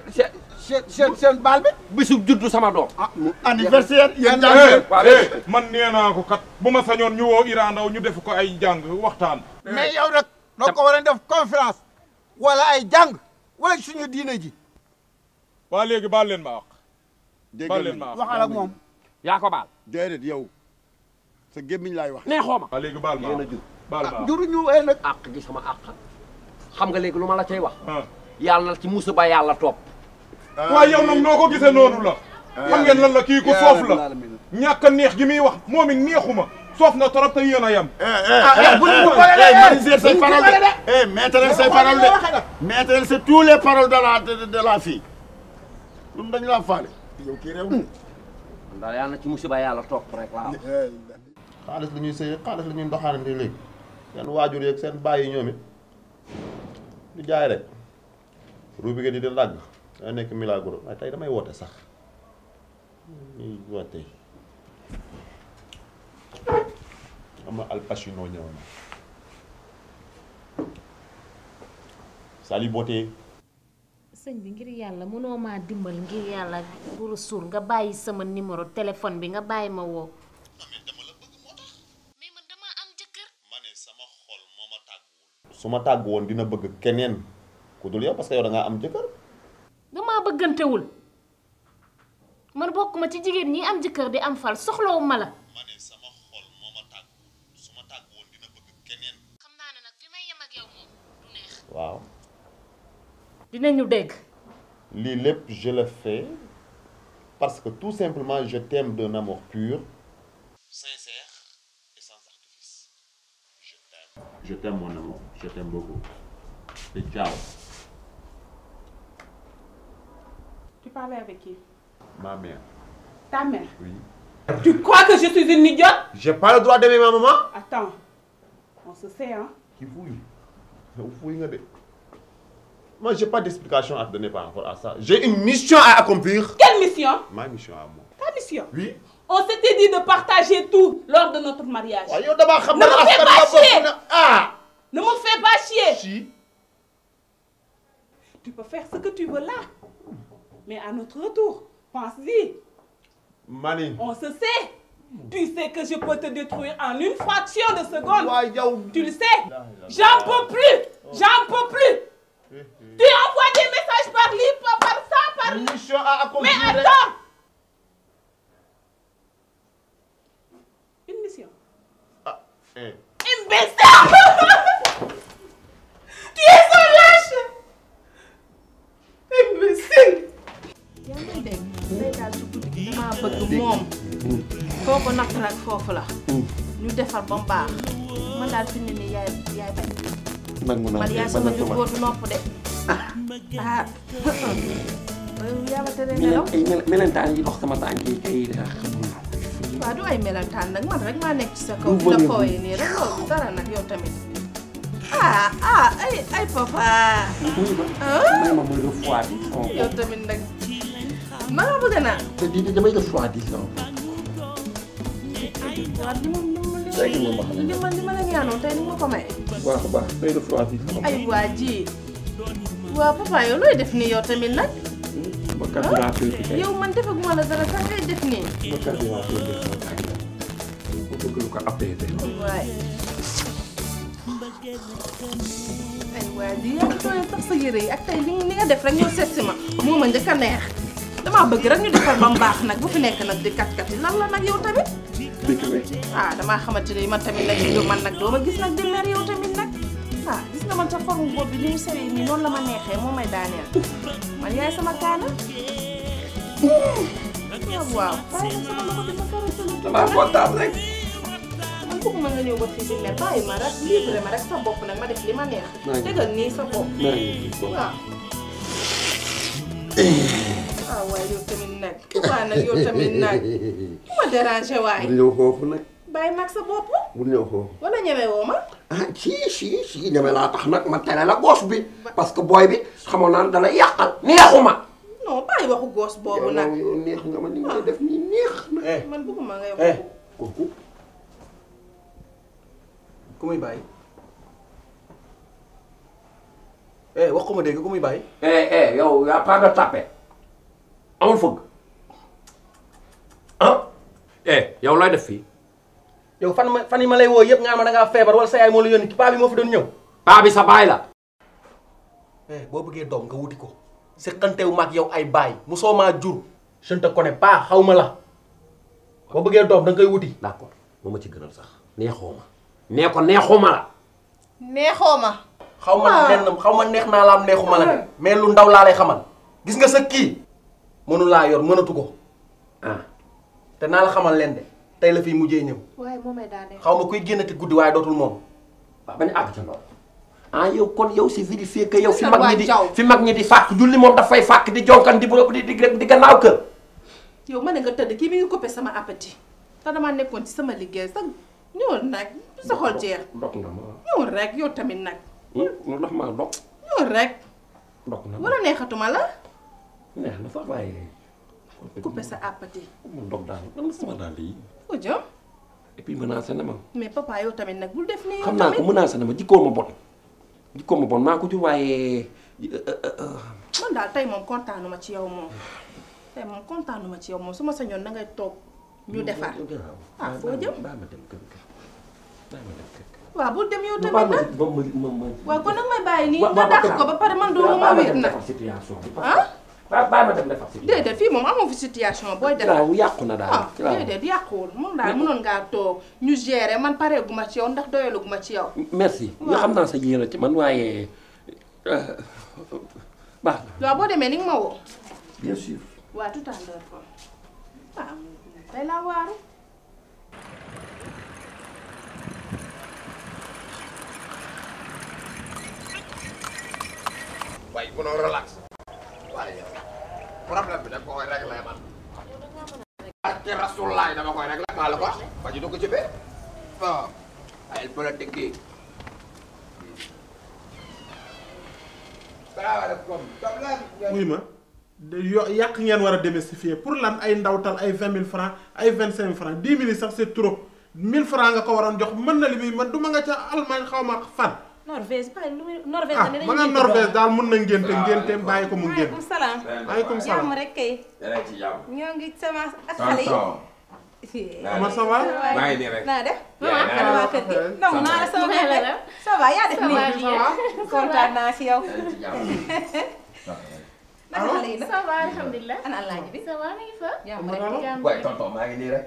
seen seen seen baal bi bisu juddu sama doom ah anniversaire yéen eh, man nee naa ko kat bu ma sañoon ñu woo Iran Ndao ñu def ko ay jàng waxtaan eh. mais yow nag noo ko war a def conférence wala ay jàng su suñu diine ji waa léegi baal leen ma wax leen ma wax ak moom yaa ko baal déedéet yow sa gémmiñ laay wax neexoo ma waa léegi baal ma wax ah juruñu waaye eh, nag àq gi sama àq xam nga léegi lu ma la cay wax ah. yàlla ci musa ba yàlla topp ah. waaye yow nag noo ko gisee noonu la ah. xam ngeen lan la kii ku soof la ñàkk a neex gi muy wax moom it neexuma soof na torop te yéen a yem eh, eh, bu ñu maîtriser ses paroles de maîtriser ses paroles de maîtriser tous les paroles de la de la fille ñun dañu laa faale yow kii réew daal yàlla na ci musiba yàlla topp rek waaw xaalis la ñuy sëy xaalis la ñuy doxaarante léegi seen waajur yeeg seen bàyyi ñoom it du jaay rek ruubige di di làgg da nekk milagro waaye tey damay woote sax ñuy woote ama Al Pacino ñëw na Sali Boté sëñ bi ngir yàlla mënoo maa dimbal ngir yàlla bu rasul nga bàyyi sama numéro téléphone bi nga bàyyi ma woo su ma tàgg woon dina bëgg keneen ku dul yow parce que yow da am jëkkër. damaa bëggantewul man bokk ma ci jigéen ñi am jëkkër di am fal soxlawu ma la. ma ne sama xol moo ma tàgg su ma tàgg woon dina bëgg keneen. xam naa ne nag fi may yem dégg. lii lépp je le fais parce que tout simplement je t'aime d'un amour pur. sincère et sans artifice. je Je t'aime beaucoup. Et ciao. Tu parlais avec qui Ma mère. Ta mère Oui. Tu crois que je suis une idiote J'ai pas le droit d'aimer ma maman Attends. On se sait, hein Qui fouille Vous fouillez, Moi, j'ai pas d'explication à te donner par rapport à ça. J'ai une mission à accomplir. Quelle mission Ma mission à moi. Ta mission Oui. On s'était dit de partager tout lors de notre mariage. Ouais, yo, ne me Ne me fais pas chier. Tu peux faire ce que tu veux là. Mais à notre retour, pense-y. On se sait. Tu sais que je peux te détruire en une fraction de seconde. Ouais, yo. Tu le sais. J'en peux plus. Oh. J'en peux plus. Eh, eh. Tu envoies des messages par livre, par ça, par... Mission Mais attends. Une mission. Ah, eh. Imbécile Tu es un damaa bëgg moom. foo ko natt nag foofu la. ñu defar ba baax. man daal fi yaay bañ. nangu man yaa melentaan yi dox sama tànk yi kay waaw du ay melentaan nag man rek maa nekk ci sa kaw. du bëri nii rek loolu dara nag yow tamit. ah ah ay ay papa. may ma mooy def foie disons. yow tamit nag ma nga bëgg naa. te di di damay def foie disons. waaw li ma li ma li ma la ñaanoon tey ni ma ko may. waaw bu baax day def foie disons. ay waa ji waaw papa yow looy def nii yow tamit nag. ma carburateur bi yow man defaguma la dara sax ngay def nii. ma carburateur bi. ko bëgg lu ko apaiser. waay. ay waa ji yaa ngi tax sa yére yi ak tey li li nga def rek ñoo seet ma moo ma njëkk a neex damaa bëgg rek ñu defar ba mu baax nag bu fi nekk nag di kat kat yi lan la nag yow tamit. ah damaa xamante ni man tamit nag yow man nag doo ma gis nag di mer yow tamit nag ah bi ni mu sewee la ma neexee moo may daaneel man yaay sama kaana. waaw waaw bàyyi na sama loxo bi ma kër a rek. foog ma nga ñëw ba fii bi ne bàyyi ma rek libre ma rek sa bopp nag ma def li ma neex. tegal nii sa bopp. waaw. ah waaye yow tamit nag. waaw nag yow tamit nag. bu ma déranger waaye. bul ñëw foofu nag. bàyyi mag sa bopp. bul ñëw foofu. wala ñeme woo ma. ah si si si ñeme laa tax nag ma tere la goos bi. parce que booy bi xamoon naa dana yàqal neexuma. non bàyyi waxu goos boobu nag. yow neex nga ma ni nga def nii neex na. man bëgguma ngay wax. kooku. ku muy bàyyi. eh wax dégg ku muy bàyyi. eh eh yow y' a pas de amul fëgg ah. eh yow looy def fii. yow fan ma fan yi ma lay woo yëpp nga ma da feebar wala sa yaay moo la yónni paa bi moo fi doon ñëw. paa bi sa baay la. Eh, boo bëggee doom nga wuti ko. seqanteewu ma ak yow ay baay musoo maa jur. je ne baa xaw ma la. boo bëggee doom da koy wuti. d'accord moo ma ci gënal sax neexoo nee ko neexuma la. neexuma. xaw ma nenn xaw ma neex naa la am neexuma la de mais lu ndaw laa lay xamal gis nga sa kii mënu laa yor mënatu ko ah te naa la xamal leen de tey la fiy mujjee ñëw. waaye moomay daane. xaw ma kuy génnati guddi waaye dootul moom. waaw bañ a àgg ci loolu ah yow kon yow si vérifié que yow. fi mag ñi di fi mag ñi di fàkk julli moom dafay fàkk di jonkan di di di gannaaw kër. yow ma ne nga tëdd kii mi ngi coupé sama appétit te damaa nekkoon ci sama liggéey sax. ñëwal nag sa xol jeex. dog rek yow tamit nag. ñu hmm? daf maa dog. ñëwal rek. dog ma wala neexatuma la. neex na sax waaye. couper sa appétit. mu hmm, dog daal lan la sama daal lii. ko jëm. et puis menacé na ma. mais papa yow tamit nag bul def nii. yow tamit xam naa ko menacé na ma jikkoo ma bon. jikkoo ma bon maa ko jur waaye. Eh, eh, eh, man daal tey moom kontaanuma ci yow moom. tey moom kontaanuma ci yow moom su ma sañoon da ngay toog. ñu hmm, defar ah foo jëm. waaw bul dem yow tamit nag waaw kon nag may bàyyi nii nga dàq ko ba pare man doo ma wér nag ah ba ba ma dem fii moom amoo fi situation booy defar waaw yàqu na daal waaw ah, déedéet yàquwul moom daal mënoon ngaa toog ñu jeere man pare gu ma ci yow ndax doyalu gu ma ci yaw merci nga xam naa sa yéene ci man waaye euh, baax na waaw boo demee ni ma woo bien sûr waaw tout à l'heure kon waaw ah, waaru bay mënoo waaye bi da nga koy réglé man. la ko wax ba ñu dugg ci ah, yàq ngeen war a démystifier pour lan ay ndawtal ay vingt mille francs ay vingt cinq mille francs dix mille sax c'est trop mille francs nga ko waroon jox mën na li muy man du ma nga ca Allemagne xaw ma fan Norvège bàyyi lu muy Norvège ah daal mun na ngénte ngénteem bàyyi ko mu ngénte. maaleykum salaam maaleykum salaam jàmm rek kay. ñoo ngi sama ak xale yi. ma maa ngi nii rek naa de maman xale waa kër gi donc naa la sama naa si yow. allo alhamdulilah. ana alaaji bi ça va mi ngi fa. jàmm maa ngi nii yaa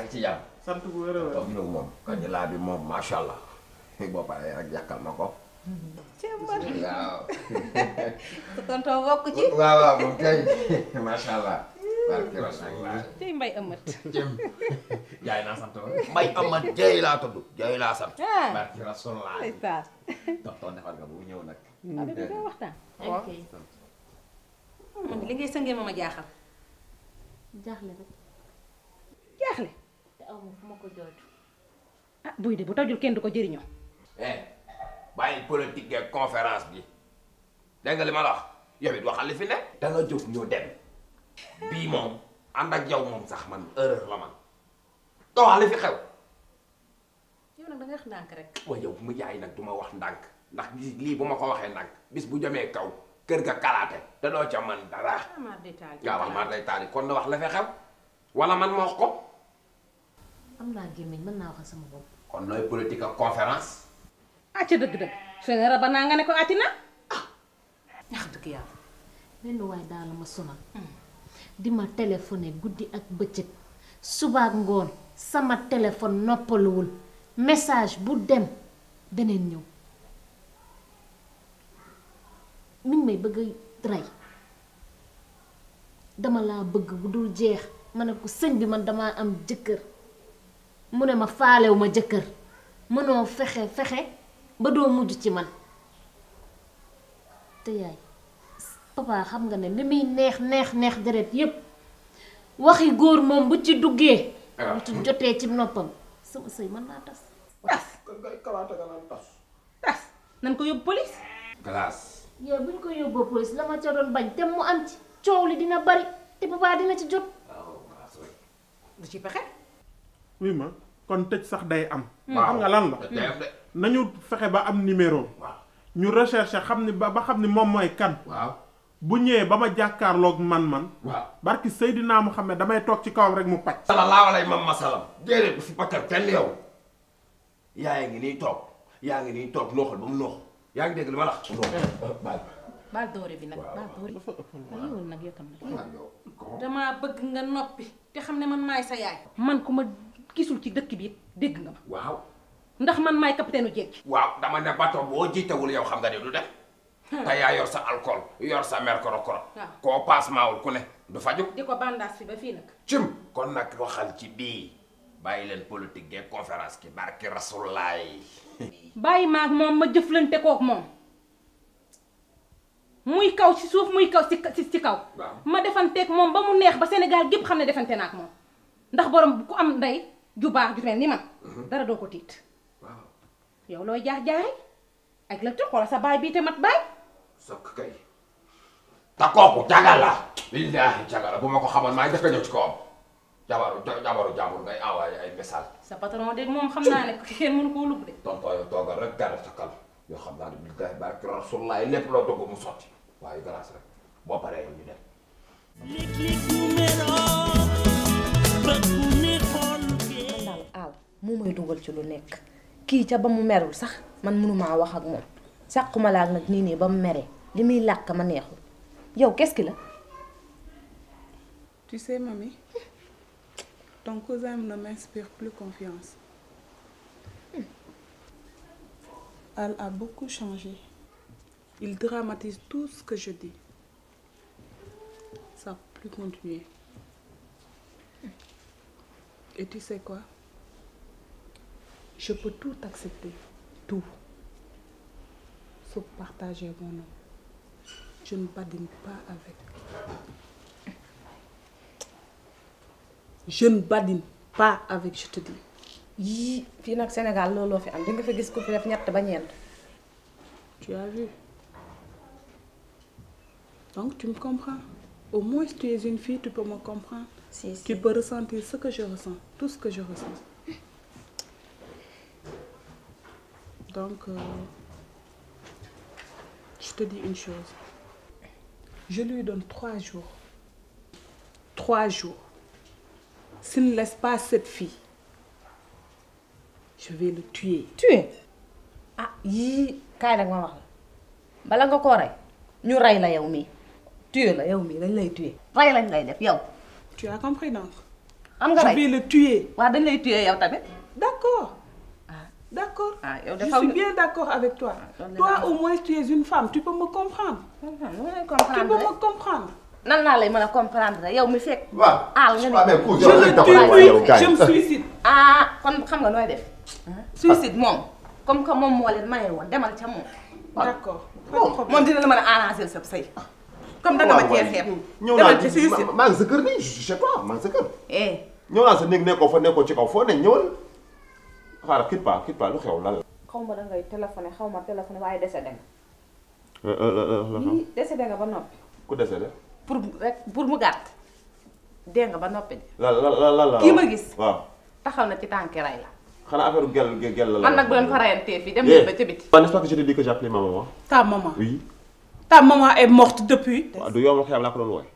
ngi ci jàmm. sant bu wér a wér tonton bi moom. laa bi moom macha allah. boo paree rek yàqal ma ko. càmbar waaw. su tontoo bokk ci. waaw waaw moom kay macha allah. barke rasulullah tey mbay amat. jëm jaay naa sant mbay amat jaay laa tudd jaay laa sant. Ah. barke rasulullah. ndeysaan. tonton defar nga bu ñëw nag. Mm. Ah, waaw dëgg la waxtaan. ok man hmm, li ngay sëngee ma ma jaaxal. jaaxle rek. jaaxle. te aw ma fu ma ko jooytu. ah buy de bu tojul kenn du ko jëriñoo. eh bàyyi politique ak conférence bi dégg nga li ma la wax yow it waxal li fi ne. jóg ñu dem bii moom ànd ak yow moom sax man erreur la man nga wax fi xew. yow da nga wax ndànk rek. mu jaay nag du ma wax ndànk ndax lii bu ma ko waxee ndànk bis bu jëmee kaw kër ga kalaate te doo ca man dara. nga ah, wax maa day taal na wax la fi xew wala man ma wax ko. am naa gémmiñ mën naa wax sama bopp. kon nooy politique ak conférence. acca dëgg-dëgg su ne nga ne ko ati na ah ndax dëgg yàlla benn daal ma sonal di ma telefone guddi ak bëccëg subaak ngoon sama téléphone noppaluwul message bu dem beneen ñëw mi ngi may bëgg a rey dama laa bëgg bu dul jeex ma ne ko sëñ bi man damaa am jëkkër mu ne ma faalewu ma jëkkër mënoo fexe fexe ba doo mujj ci man te yaay papa xam nga ne li muy neex neex neex deret yépp waxi góor moom bu ci duggee ah. bu ci jotee ci noppam sama sëy mën naa tas tas nan ko yóbbu police glace yow bu ma am ci coow li dina dina ci jot du ci pexe oui kon tëj sax day am hmm. xam nga lan la nañu fexe ba am numéro. ñu recherche xam ni ba ba xam ni moom mooy kan. bu ñëwee ba ma jàkkaarlook man-man. waaw barki xam ne damay toog ci kawam rek mu pàcc. sallallahu alayhi wa sallam. déedéet bu fi pàccal kenn yow. yaa ngi nii toog yaa ngi nii toog nooxal ba mu noox yaa ngi dégg li ma la eh. Eh, baal doore bi nag baal doore bi. nag damaa bëgg nga noppi te xam ne man maay sa yaay. man ku ma gisul ci dëkk bi dégg nga ma. ndax man maay capitaine u waaw dama ne bato boo jiitewul yow xam nga de du def hmm. te yaa yor sa alcool yor sa mer korokoro koo paas maawul ku ne du faju di ko bandaas fi ba fii nag cim kon nag waxal ci bii bàyyi leen politique geeg conférence ki barki rasulaay bàyyi maag moom ma jëflante kook moom muy kaw si suuf muy kaw ci ci kaw ma defanteek moom ba mu neex ba Sénégal gépp xam ne defante naa ak moom ndax borom ku am ndey ju baax ju mel ni man mhm. dara doo ko tiit yow looy jaar jaare ak la te xoolal sa baay bii te mat baay. sokk kay. ta kooku jagal la. billaahi jagal la bu ma ko xamoon maa ngi def nga ñëw ci kawam. jabaru jabaru jàmbur ngay envoyé ay message. sa patron de moom xam naa ne kenn mënu koo lugg de. tonton yow toogal rek garab sa kal yoo loo dugg mu sotti waaye grâce rek boo paree ñu dem. man daal aal moo may dugal ci lu kii ca ba mu merul sax man mënumaa wax ak moom sàquma laa nag nii nii ba mu mere li muy làkk ma neexul yow quest la. tu sais mami ton cousin ne m'inspire plus confiance. Hmm. Elle a beaucoup changé. Il dramatise tout ce que je dis. Ça plus continuer. Hmm. Et tu sais quoi? je peux tout accepter tout sauf partager mon nom je ne badine pas avec je ne badine pas avec je te dis yii nag Sénégal looloo fi am di nga fa gis ku fi ñett ba ñeent tu as vu donc tu me comprends au moins tu es une fille tu peux me comprendre si, si. tu peux ressentir ce que je ressens tout ce que je ressens Donc, euh, je te dis une chose. Je lui donne trois jours. Trois jours. si ne laisse pas cette fille, je vais le tuer. Tuer ah yii kaay nag ma bala nga ko rey ñu rey la yow mi tuer la yow mii dañ lay tuer. rey lañ lay def yow. tu as compris donc. am nga rey je vais le tuer. waaw dañ lay tuer yow tamit. d'accord. d'accord ah, je suis bien d'accord avec toi ah, toi au moins tu es une femme tu peux me comprendre. comprendre tu peux me comprendre. nan laa lay mën a comprendre yow mi fekk. waaw je je me suicide. ah kon xam nga nooy def. suicide moom comme que moom moo leen maye woon demal ca moom. d'accord moom dina la mën a arranger sa sëy. comme danga ma cee xeeb. ñëw naa ci maa ngi sa kër nii je sais pas maa ngi sa kër. ñëw naa sa néeg nekkoo fa nekkoo ci kaw foo ne ñëwal. xaaral quitte pas quitte pas lu xew lan eh, eh, eh, la. xaw ma dangay téléphoné xaw ma téléphoné waaye décédé nga. ba noppi. ku décédé. pour rek pour mu gàtt. dé nga ba noppi. la la la la la kii ma gis. waaw taxaw na ci tànki ray la. xanaa affaire gel gel la la. man nag bu leen ko rayantee fii dem leen ba ca biti. waaw n'est-ce pas que je te dis que j'appelais ma maman. ta maman oui. ta maman morte depuis. waaw du yomal laa ko doon woowee.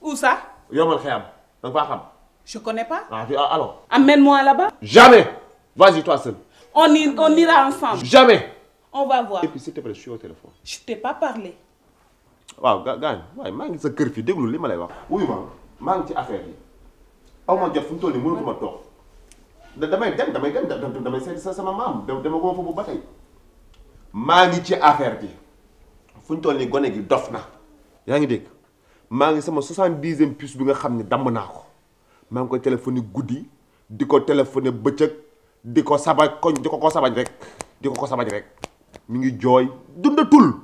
où ça. yomal xiyam da nga faa xam. je connais pas. ah, ah Vas-y, toi seul. On, on, ira ensemble. Jamais. On va voir. Et puis, s'il te plaît, téléphone. Je t'ai pas parlé. waaw ga gaañ waaye maa ngi sa kër fii déglu li ma lay wax. wuyu ma maa ngi ci affaire yi aw ma jot fu mu toll nii mënatuma toog damay dem damay dem damay seet sa sama maam dama ko foofu ba tey maa ngi ci affaire bi fu ñu toll nii gone gi dof na. yaa ngi dégg maa ngi sama soixante-dixième puce bi nga xam ne damm naa ko maa ngi ko téléphoné guddi di ko téléphoné bëccëg. di ko saba koñ di ko ko sabañ rek di ko ko sabañ rek mu ngi jooy dundatul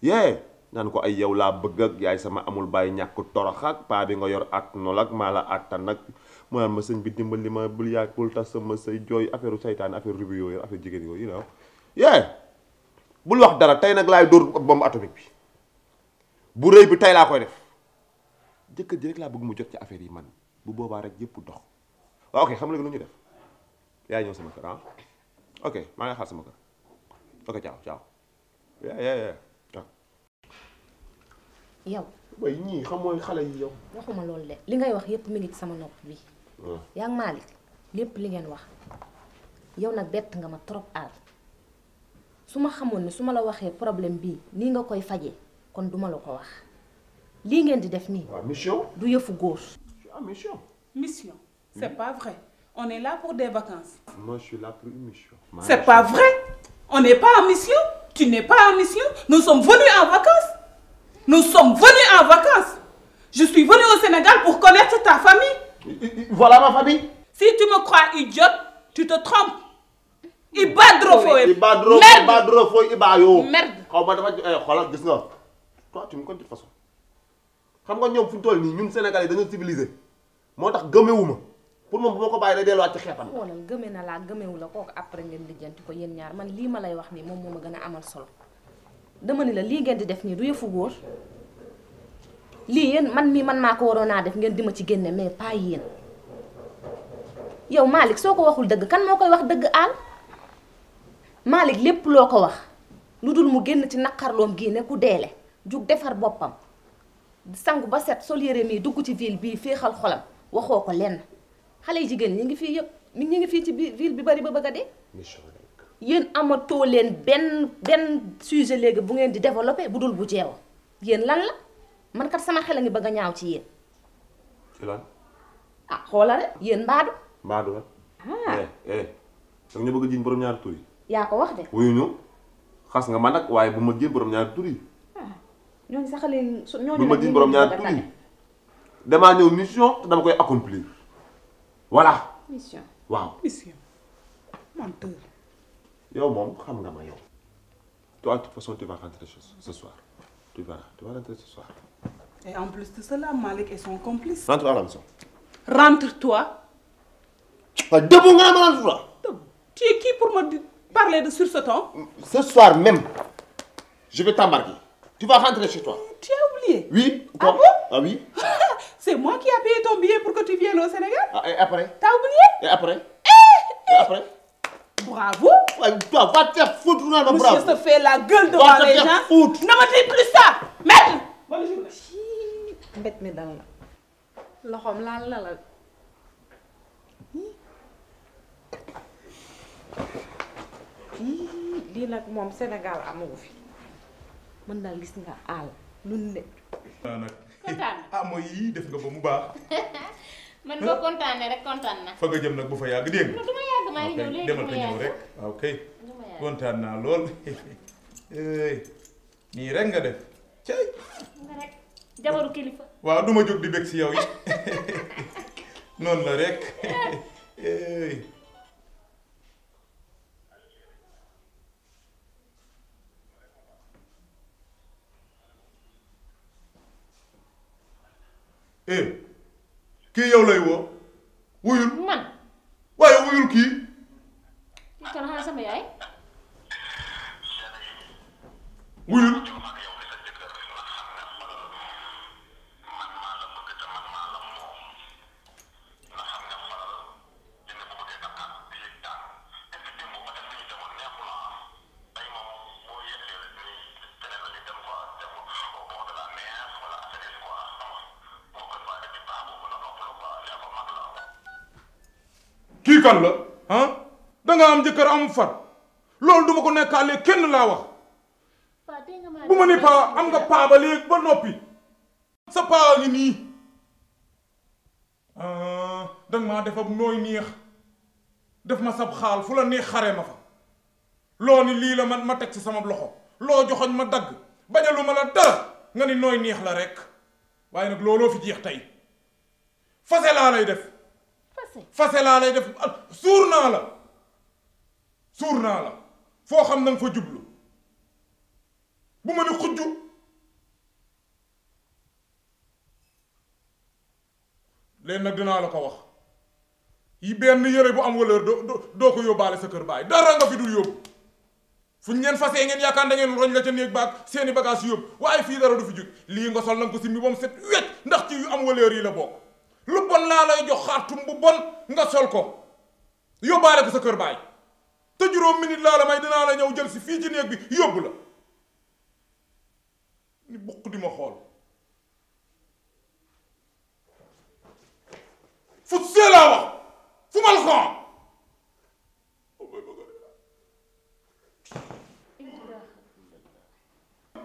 yee naan ko ay yow laa bëgg ak yaay sama amul bàyyi ñàkk torox ak paa bi nga yor at nol ak maa la àttan nag mu naan ma sëñ bi ma bul yàgg sama say jooy affaire saytaan affaire rubi yooyu jigéen yooyu you know yee dara tey nag laay dóor bombe atomique bi bu rëy bi tey laa koy def jëkkër ji laa bëgg mu jot ci affaire yi man bu boobaa yëpp dox xam nga lu ñu def yaay ñëw sama kër ah ok maa ngi xaar sama kër ok ciao ciao yaa yaa waxuma loolu de li ngay wax yépp mu ngi ci sama nopp bi yaa ngi Malick lépp li ngeen wax yow nag bett nga ma trop aal su ma xamoon ne su ma la waxee problème bi nii nga koy fajee kon duma la ko wax lii ngeen di def nii du yëfu góor mission mission c'est pas vrai On est là pour des vacances. Moi, je suis là pour une mission. C'est pas vrai. On n'est pas en mission. Tu n'es pas en mission. Nous sommes venus en vacances. Nous sommes venus en vacances. Je suis venue au Sénégal pour connaître ta famille. Voilà ma famille. Si tu me crois idiote, tu te trompes. Ibadrofoy. Ibadrofoy. Ibadrofoy. Ibayo. Merde. xaw ma dafa eh, xoolal gis nga. toi tu me connais de toute façon. xam nga ñoom fu ñu toll nii ñun Sénégalais dañoo civilisé moo tax gëmewuma pour moom bu ma ko bàyyi day delluwaat ci xeetam xoolal gëme na laa gëmewu la kooku après ngeen lijjanti ko yéen ñaar man lii ma lay wax nii moom moo ma gën a amal solo dama ni la lii ngeen di def nii du yëfu góor lii yéen man mii man maa ko waroon naa def ngeen di ma ci génne mais pas yéen yow Malick soo ko waxul dëgg kan moo koy wax dëgg àll Malick lépp loo ko wax lu dul mu génn ci naqarloom gii ne ku deele jug defar boppam sangu ba set sol yére mii dugg ci ville bii féexal xolam waxoo ko lenn xale yi jigéen ñi ngi fii yëpp ñu ngi fii ci ville bi bari ba bëgg a dee. yéen amatoo leen benn benn sujet léegi bu ngeen di développé bu dul bu jeewa yéen lan la man kat sama xel a ngi bëgg a ñaaw ci yéen. ah xoola rek yéen mbaadu. mbaadu la. ah eh, eh. da nga bëgg a jiñ borom ñaari tur yi. yaa ko wax de. wuyu nga man nag waaye bu ma jiñ borom ñaari tur yi. Ah, ñooñu sax leen ñooñu bu ma jiñ borom ñaari tur yi damaa ñëw mission te dama koy accomplir. voilà. mission waaw mission menteur. yow moom xam nga ma yow. toi toute façon tu vas rentrer ce soir et en plus de cela Malick est son complice. rentre toi. waaw ah, debout nga ma rentre toi. tu es qui pour me parler de sur ce ton. ce soir même je vais t'embarquer. tu vas rentrer chez toi. tu as oublié. oui ah, ah oui. c'est moi qui ai payé ton billet pour que tu viennes au Sénégal. Ah, et après eh, eh! Bravo ouais, toi, Va te faire foutre, non, non, Monsieur bravo. se fait la gueule devant les gens. Va te faire foutre. Ne me dis plus ça Maître Bonne journée. mbet mi dal na loxoom laal na la. lii nag moom Sénégal amagu fi mën gis kontaan ah yii def nga ba mu baax. man boo kontaanee rek kontaan na. fa nga jëm nag bu fa yàgg dégg nga. du ma yàgg maa ngi ñëw demal te ñëw rek waaw ah, kontaan naa lool. nii rek nga def. cay. nga jabaru kilifa. waaw du ma di bég si yow yi noonu la rek. eh kii yow lay woo wuyul. waaye wuyul kii. kon xanaa sama yaay. far loolu duma ko nekkaale kenn laa wax bu ma ne paa am nga paa ba léegi ba noppi sa paa ngi nii ah, danga maa def ab nooy neex def ma sab xaal fu la neex xare ma fa loo ni lii la man ma teg ci sama loxo loo joxoñ ma dagg bañalu ma la dara nga ne nooy neex la rek waaye nag looloo fi jeex tey fase laa lay def fase laa lay def suur naa la suur naa la foo xam na nga fa jublu bu ma ni xujju leen nag dinaa la ko wax yi benn yëre bu am valeur doo doo ko yóbbaale sa kër baay dara nga fi dul yóbbu fu ñu leen fasee ngeen yaakaar da ngeen roñ la ca néeg baag seeni bagage yóbbu waaye fii dara du fi jóg lii nga sol nanga ko si ba mu set wecc ndax ci yu am valeur yi la bokk lu bon laa lay jox xaartum bu bon nga sol ko yóbbaale ko sa kër baay te juróom minute laa la may dinaa la ñëw jël si fii ci néeg bi yóbbu la ni bukk di ma xool fu see laa wax fu mal xon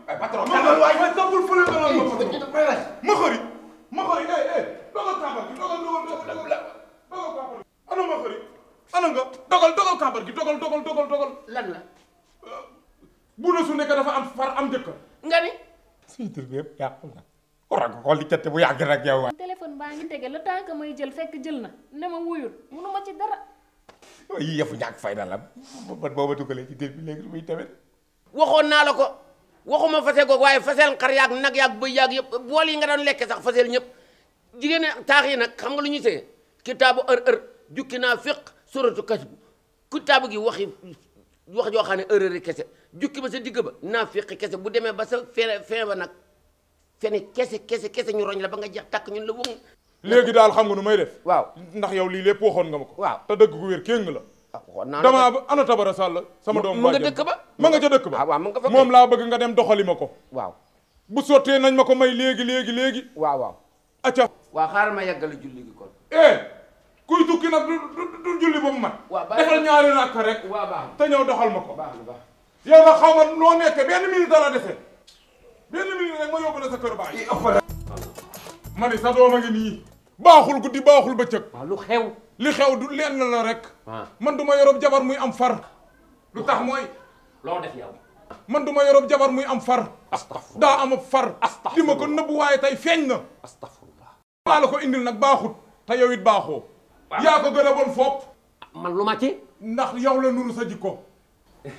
ay patron tàngal waay ma toppul fële nga doon ma xëri ma xëri eh eh dogal tàmbal bi dogal dogal dogal dogal ana ma xëri ana nga dogal dogal kàmbar gi dogal dogal dogal dogal. lan la. Euh, bu na su nekk dafa am far am jëkkër. nga ni. suñu tur yëpp yàqu na. a ko xool di cate bu yàgg ngi tege le temps que may jël fekk jël na ne ma wuyul munu ma ci la man boo ma dugalee ci dër bi waxoon naa la ko waxuma fase googu waaye fasel xar yaag nag yaag bëy yaag yëpp bool yi nga doon lekke sax fasel ñëpp jigéen taax yi nag xam nga lu ñuy see kitaabu ër ër jukki naa fiq suratu kas kutaabu gi waxi wax joo xam ne erreur kese jukki ba sa digg ba naa naafiq kese bu demee ba sa fere fin ba nag fene kese kese kese ñu roñ la ba nga jeex takk ñun la wëng léegi daal xam nga nu may def waaw ndax yow lii lépp waxoon nga ma ko waaw te dëgg gu wér kéng la ah, damaa ba ana tabara sàll sama doom mu nga dëkk ba ma nga ca dëkk ba ah, waaw nga fa moom laa bëgg nga dem doxali ma ko waaw bu sottee nañ ma ko may léegi léegi léegi waaw waaw acca waa xaaral ma yàggale julli gi kon eh! kuy tukki nag du du julli ba mu mat. waaw baax defal ñaari rakk rek. waaw baax te ñëw doxal ma ko. baax baax yow nag xaw ma noo nekkee benn minute dara dese benn minute rek ma yóbbu la sa kër baay. kii ëpp la. ma ne a ngi baaxul guddi baaxul bëccëg. waaw lu xew. li xew du lenn la rek. man du ma yorob jabar muy am far. lu tax mooy. loo def yow. man du ma yorob jabar muy am far. astafurlah daa am far. astafurlah li ma ko nëbbu waaye tey feeñ na. astafurlah. maa la ko indil nag baaxut te yow it baaxoo. yaa ko gën a bon fopp. man lu ma ci. ndax yow la nuru sa jikko. te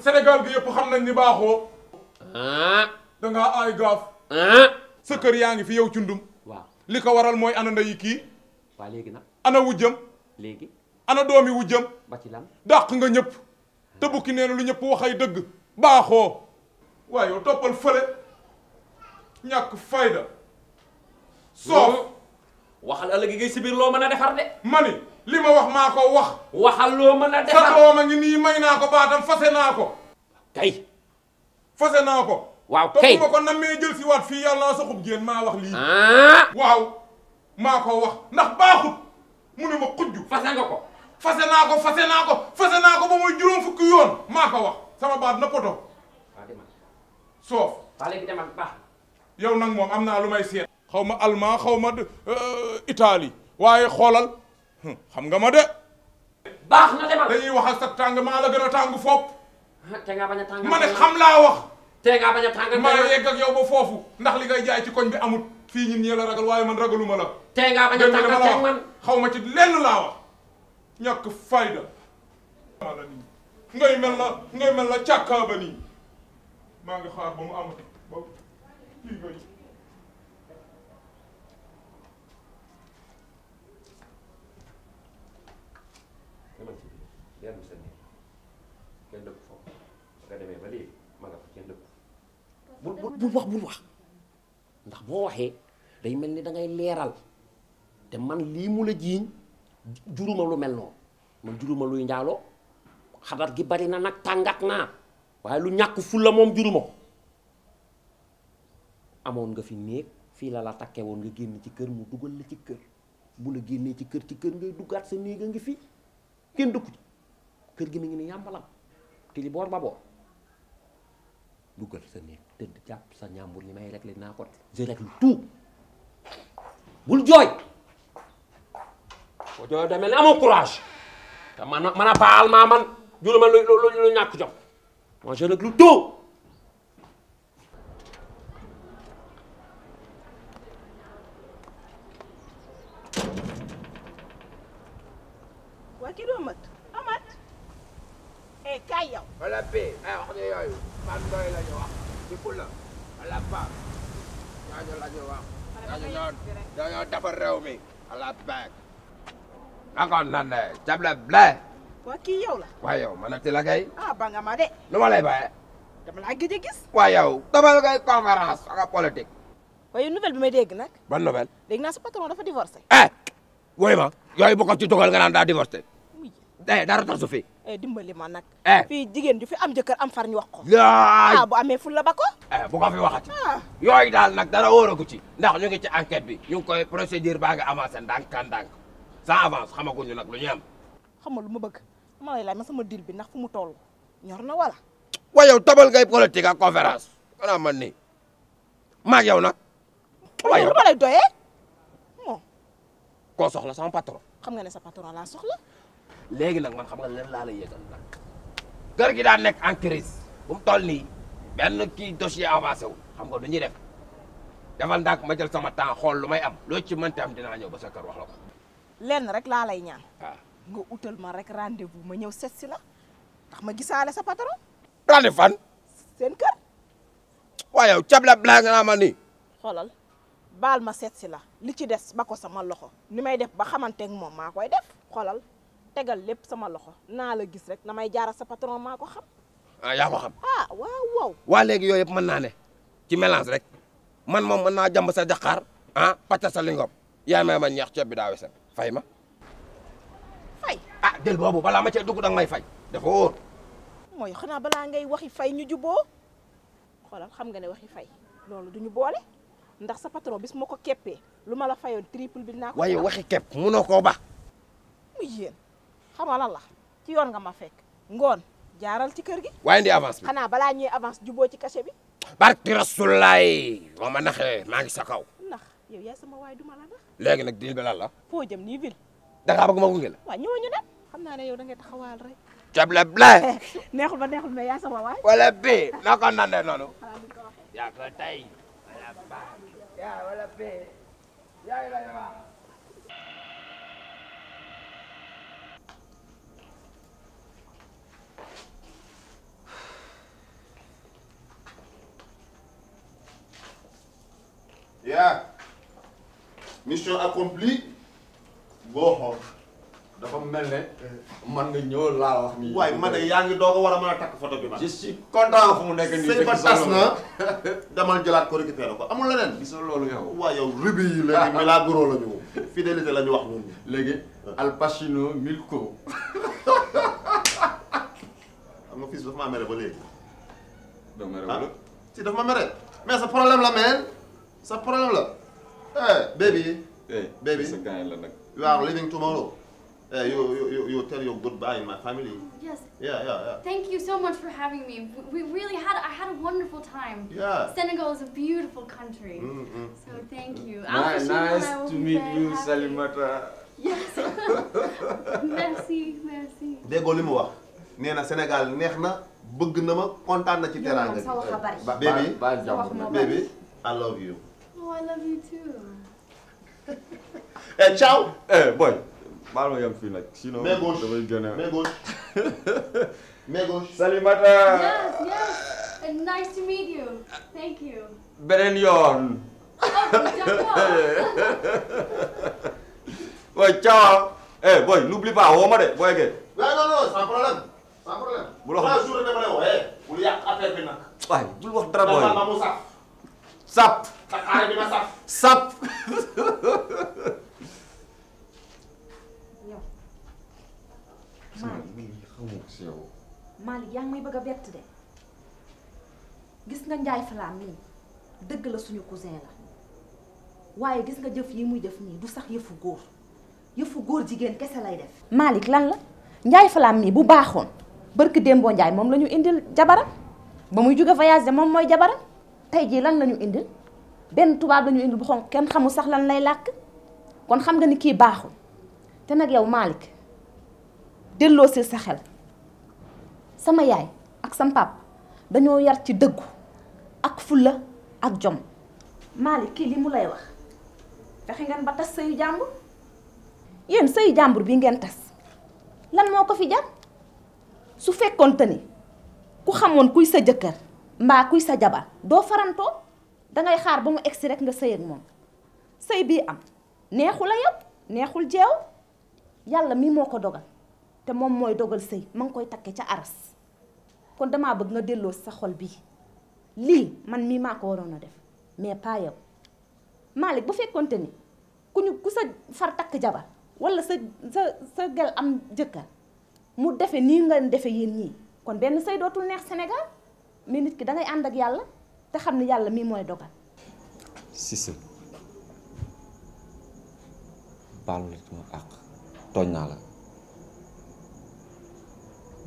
Sénégal gi yëpp xam nañ ni baaxoo. Ah. da ngaa aay gaaf. Ah. sa yaa ngi fi yow cundum. waaw li ko waral mooy ana ndeyi kii. waa léegi nag ana wujjam. léegi ana doomi wujjam. ba ci lan dàq nga ñépp te bukki nee lu ñëpp waxay dëgg. baaxoo. waaye toppal fële ñàkk fayda. soof waxal ëllëg ngay si biir loo mën a defar de. mani li ma wax maa ko wax. waxal loo mën a defar sa doom ngi nii may naa ko baatam fase naa ko. kay. fase naa ko. waaw kay ko nan mee fii yàlla saxub jéen maa wax lii. Ah! waaw maa ko wax ndax baaxut mu ne ma xujj. fase nga ko. fase naa ko fase naa ko fase naa ko ba mooy juróom fukki yoon maa ko wax sama baat na poto. soof. waa léegi moom am naa lu may seet. xaw ma allemand xaw ma euh, Italie waaye xoolal xam nga ma de. baax na demal dañuy wax ak sa tàng maa la gën a tàng fopp. Ah, te nga bañ ma ne xam laa wax. te a tàng ma yegg ak yow ba foofu ndax li ngay jaay ci koñ bi amut fii ñun ñee la ragal waaye man ragaluma la. te nga bañ a tàng xaw ma ci lenn laa wax ñàkk fayda. ngay mel na ngay mel na càkkaaba nii maa ngi xaar ba mu amati ba lii ngay. leer na bul bul wax bul wax ndax boo waxee day mel ni dangay leeral te man lii mu la jiiñ juruma lu mel noonu man juruma luy njaaloo xabar gi bari na nag tàngat naa waaye lu ñàkk ful la moom juruma ko amoon nga fi néeg fii la la takke woon nga génn ci kër mu dugal la ci kër bu la génnee ci kër ci kër ngay duggaat sa néeg a ngi fi kenn dëkku ci kër gi mi ngi ni yàmbalam tiliboor baboo duggal sa néeg tëdd jàpp sa ñàmbur yi may réglé naa ko je règle tout bul jooy boo jooy demel ni amoo courage te man a baal ma man juruma lu lu ñàkk jom moi je règle tout ay yow. wala bi ay wax ne yooyu man doy la ñu wax ci fula wala ba ñooñu la ñu wax. ñooñu ñoo dañoo defar réew mi wala beeg. encore nan de jable ble. waa kii yow la. waa yow ma nekk ci la kay. ah ba nga ma de. lu ma lay bàyyee. dama laa gëj a gis. waa yow dama la koy conférence ak politique. waaye nouvelle bi may dégg nag. ban nouvelle. dégg naa sa patron dafa divorcé. eh. woy ma yooyu bu ko ci dugal nga naan daa divorcé. eh dara tax su fi. Eh, dimbali ma nag. Eh. fii jigéen ju fi am jëkkër am far ñu wax ko. ah bu amee ful la ba ko. Eh, bu ko fi waxati. Ah. yooyu daal nag dara wóoragu ci. ndax ñu ngi ci enquête bi ñu ngi koy procédure baa nga avancé ndànk ndànk sans avance lu ñu am. xam nga lu ma bëgg ma lay laaj sama dil bi ndax fu mu toll ñor na wala. waaye yow tabal ngay politique ak conférence. xanaa man ni maag yow nag. waaye yow ma lay doyee. koo soxla sama patron. xam nga ne sa patron laa soxla. léegi nag man xam nga leen laa la yëgal nag kër gi daa nekk en crise bu mu toll nii benn kii dossier avancé wu xam nga du ñuy def defal ndànk ma jël sama temps xool lu may am loo ci mënti am dinaa ñëw ba sa kër wax la lenn rek laa lay ñaan. waaw ah. nga utal ma rek rendez-vous ma ñëw set si la ndax ma gisaale sa patron. rendez-vous fan. seen kër. waaw yow cabla bla nga naa ma nii. xoolal baal ma seet si la li ci des ba ko sama loxo ni may def ba xamanteeg moom maa koy def xoolal. tegal lépp sama loxo naa la gis rek may jaaral sa patron maa ko xam. ah yaa ko xam. ah waaw waaw. waa léegi yooyu yëpp mën naa ne ci mélange rek man moom mën naa jamb sa jaqaar ah pàcc sa lingom yaa ma ma ñeex ceeb bi daa wese fay ma. fay ah jël boobu balaa ma cee dugg danga may fay dafa wóor. mooy xanaa balaa ngay waxi fay ñu juboo xoolal xam nga ne waxi fay loolu duñu boole ndax sa patron bis ma ko keppee lu ma la fayoon triple bi naa ko. waaye waxi kepp munoo koo ba. xamal la ci yoon nga ma fekk ngoon jaaral ci kër gi. waaye indi avance bi xanaa balaa ñuy avance juboo ci cachet bi. barki rasulaay wa ma naxee maa ngi sa kaw. ndax sama waay duma la nax. léegi nag diil bi lan la. foo jëm nii ville. dangaa bëgg ma gunge la. xam naa ne yow da ngay taxawaal rek. jab la blé. neexul ba neexul mais sama waay. wala bii naa ko yaa mission accomplie boo xool dafa mel ne eh. man na ñëw laa wax nii. waaye man de yaa ngi doo a war a mën a takk photo bi ma. je suis content fu mu nekk nii. sëñ ba tas na damal jëlaat ko récupéré ko amul leneen. gisoo loolu yow. waaw yow rubi yi léegi milagro la ñu. fidélité la ñu wax ñun. léegi ah. Al Pacino Milko. xam nga fils dafa maa mere ba léegi. dafa ah. si dafa ma mere mais sa problème la mais. sa problème la. eh baby. eh sa gaañ la nag. you are leaving tomorrow. Eh, you, you, tell your goodbye in my family. Yeah, yeah, yeah. Thank you so much for having me. We really had, a wonderful time. Yeah. Senegal is a beautiful country. Mm, mm, mm. thank you. Nice, nice to you, happy. Salimata. Yes. merci, merci. Déggoo li mu wax nee na Sénégal neex na bëgg na ma kontaan na ci teraanga bi. Baby, baby, I love you. I love you too. eh ciao. eh boy. baal ma yem fii nag. sinon damay a. boy ciao. eh boy n'oublie ma de booy ge. non non non sans problème sans problème. bul wax dama lay woo sap. aay dina yaa ngi bëgg a bett de gis nga Njaay Falaam nii dëgg la suñu cousin la waaye gis nga jëf yi muy def nii du sax yëfu góor yëfu góor jigéen kese lay def. Malick lan la Njaay Falaam mii bu baaxoon barki Dembo Njaay moom lañu indil jabaram ba muy jóge voyage de moom mooy jabaram tey jii lan lañu ñu indil. benn tubaab lañu indi bu xonq kenn xamul sax lan lay làkk kon xam nga ni kii baaxul te nag yow Malick delloo si sa xel sama yaay ak sam pap dañoo yar ci dëggu ak fulla ak jom Malick kii li mu lay wax fexe ngeen ba tas sëyu jàmbur yéen sëyu jàmbur bi ngeen tas lan moo ko fi jar su fekkoonte ni ku xamoon kuy sa jëkkër mbaa kuy sa jabar doo farantoo dangay xaar ba mu egsi rek nga sëy ak moom sëy bii am neexul a yow neexul jeew yàlla mii moo ko dogal te moom mooy dogal sëy ma ngi koy takkee ca aras kon damaa bëgg nga delloo sa xol bii lii man mii maa ko waroon a def mais pas yow Malick bu fekkonte ni ku ñu ku sa far takk jabar walla sa sa sa gel am jëkkër mu defe nii nga defe yéen ñii kon benn sëy dootul neex Sénégal mais nit ki dangay ànd ak yàlla te xam ne yàlla mii mooy dogal. Cissé baalu la ma àq tooñ naa la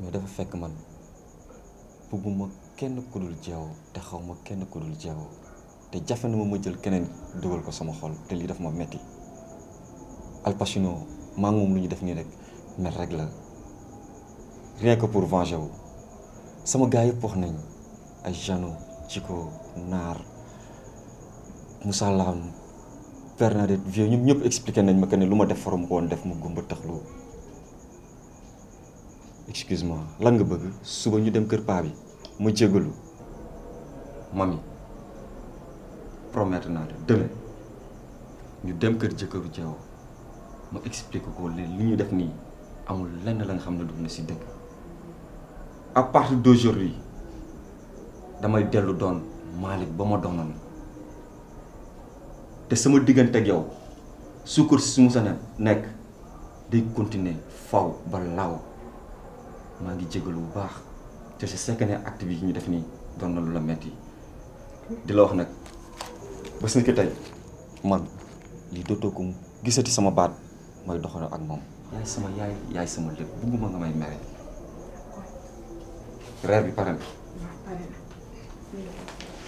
mais dafa fekk man bëgguma kenn kudul jeewoo te xaw ma kenn kudul jeewoo te jafe na ma ma jël keneen dugal ko sama xol te lii daf ma metti Al Pacino maa ngi moom lu ñu def nii rek mer rek la rien que pour venger wu sama gars yëpp wax nañ ay jano Chico Naar Moussa Lam Bernadette Vieux ñoom ñëpp expliqué nañ ma que ne lu ma def forom ko woon def mu gumba taxlu excuse moi lan nga bëgg suba ñu dem kër paa bi ma jégalu mami promettre naa de demain ñu dem kër jëkkëru jeew ma explique ko li ñu def nii amul lenn la nga xam ne dugg na si dëkk à partir damay dellu doon Malick ba ma doonoon te sama diggante ak yow sukkur si su mu sa nekk day continuer faw ba law maa ngi jégalu bu baax te je sais que bi ñu def nii doon na lu la metti di la wax nag bés ni ki tey man lii dootoo ko gisati sama baat mooy doxaloo ak moom. yaay sama yaay yaay sama lépp bugguma nga may mere reer bi pare na.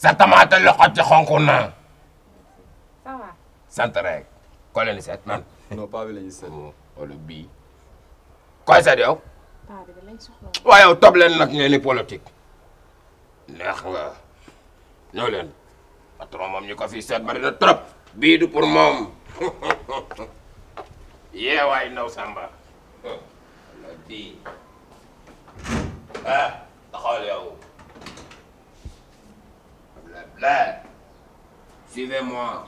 sa tamaate loxo ci xonk na. ça va. sant seet man. non paa oh, oh, bi la ñuy seet. wala bii. waaye yow topp leen nag ngeen di politique. neex nga ñëw leen. patron moom ñu ko fi seet bari na trop. bii du pour moom. yeewaay ndaw Samba. bii. ah taxawal Blaise, suivez-moi.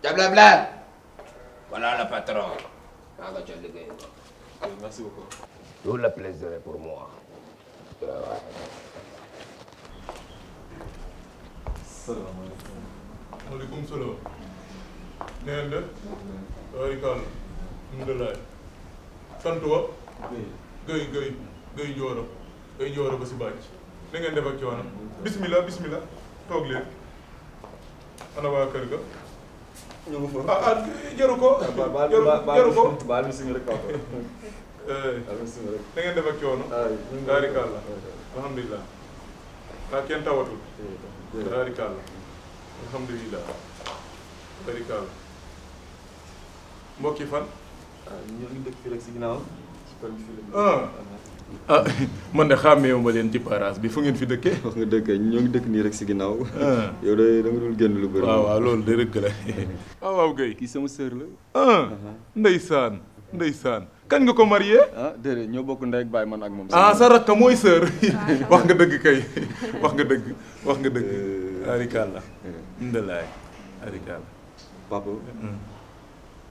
Diable Blaise, voilà le patron. Ah, euh, merci beaucoup. Tout le plaisir est pour moi. salaam. na ngeen def. waaye Kaal. alhamdulilah. sant wa. Guèye Guèye Guèye Nioro. Guèye Nioro ba si bàcc. da ngeen def ak coono bismillah bismillah toog ana waa kër ga. ñu ngi foofu ah ah jaru ko. jaru jaru ko baal bismi rek papa. da eh. ngeen def ak coono. taarikàlla ah, alhamdulilah. ndax ah, kenn yi fan. Ah, ñu ah man de xàmmeewu ma leen ci paraas bi foo ngeen fi dëkkee. wax nga dëkk ñoo ngi dëkk nii rek si ginnaaw. Ah. yow de da nga dul génn lu bëri. waaw loolu de rëgg la. Ah, waaw waaw kii sama sœur la. ah uh-huh. ndeysaan ndeysaan. kañ nga ko marié. ah déedéet ñoo bokk ndey ak baay man ak moom. ah sa rakk mooy sœur. wax nga dëgg kay wax nga dëgg wax nga dëgg. Euh, arikalla. Euh. ndelaay arikalla. papa. Mm-hmm.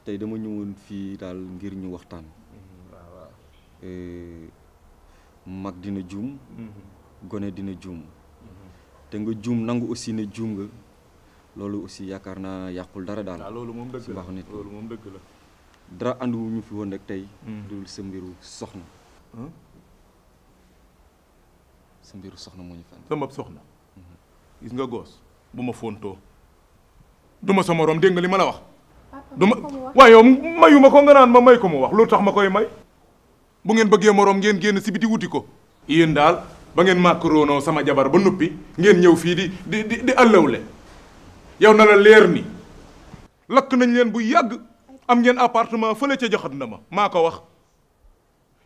tey dama ñëwoon fii daal ngir ñu waxtaan. Mm-hmm. Euh, mag dina juum mhm. gone dina juum mhm. te nga juum nangu aussi ne juum nga loolu aussi yaakaar naa yàqul dara daal loolu moom la nit loolu moom dëgg la dara àndu fi woon rek tey mhm. dul sa mbiru soxna sa mbiru soxna moo ñu fenn sama soxna gis nga goos bu ma fontoo duma sa morom dégg nga li ma la wax duma waaye yow mayu ma ko nga naan ma may ko mu wax lu tax ma koy may bu ngeen bëggee moroom ngeen génn si biti wuti ko yéen daal ba ngeen màkkaroonoo sama jabar ba noppi ngeen ñëw fii di di di di àllawle yow na la leer ni lakk nañ leen bu yàgg am ngeen appartement fële ca joxat na ma maa ko wax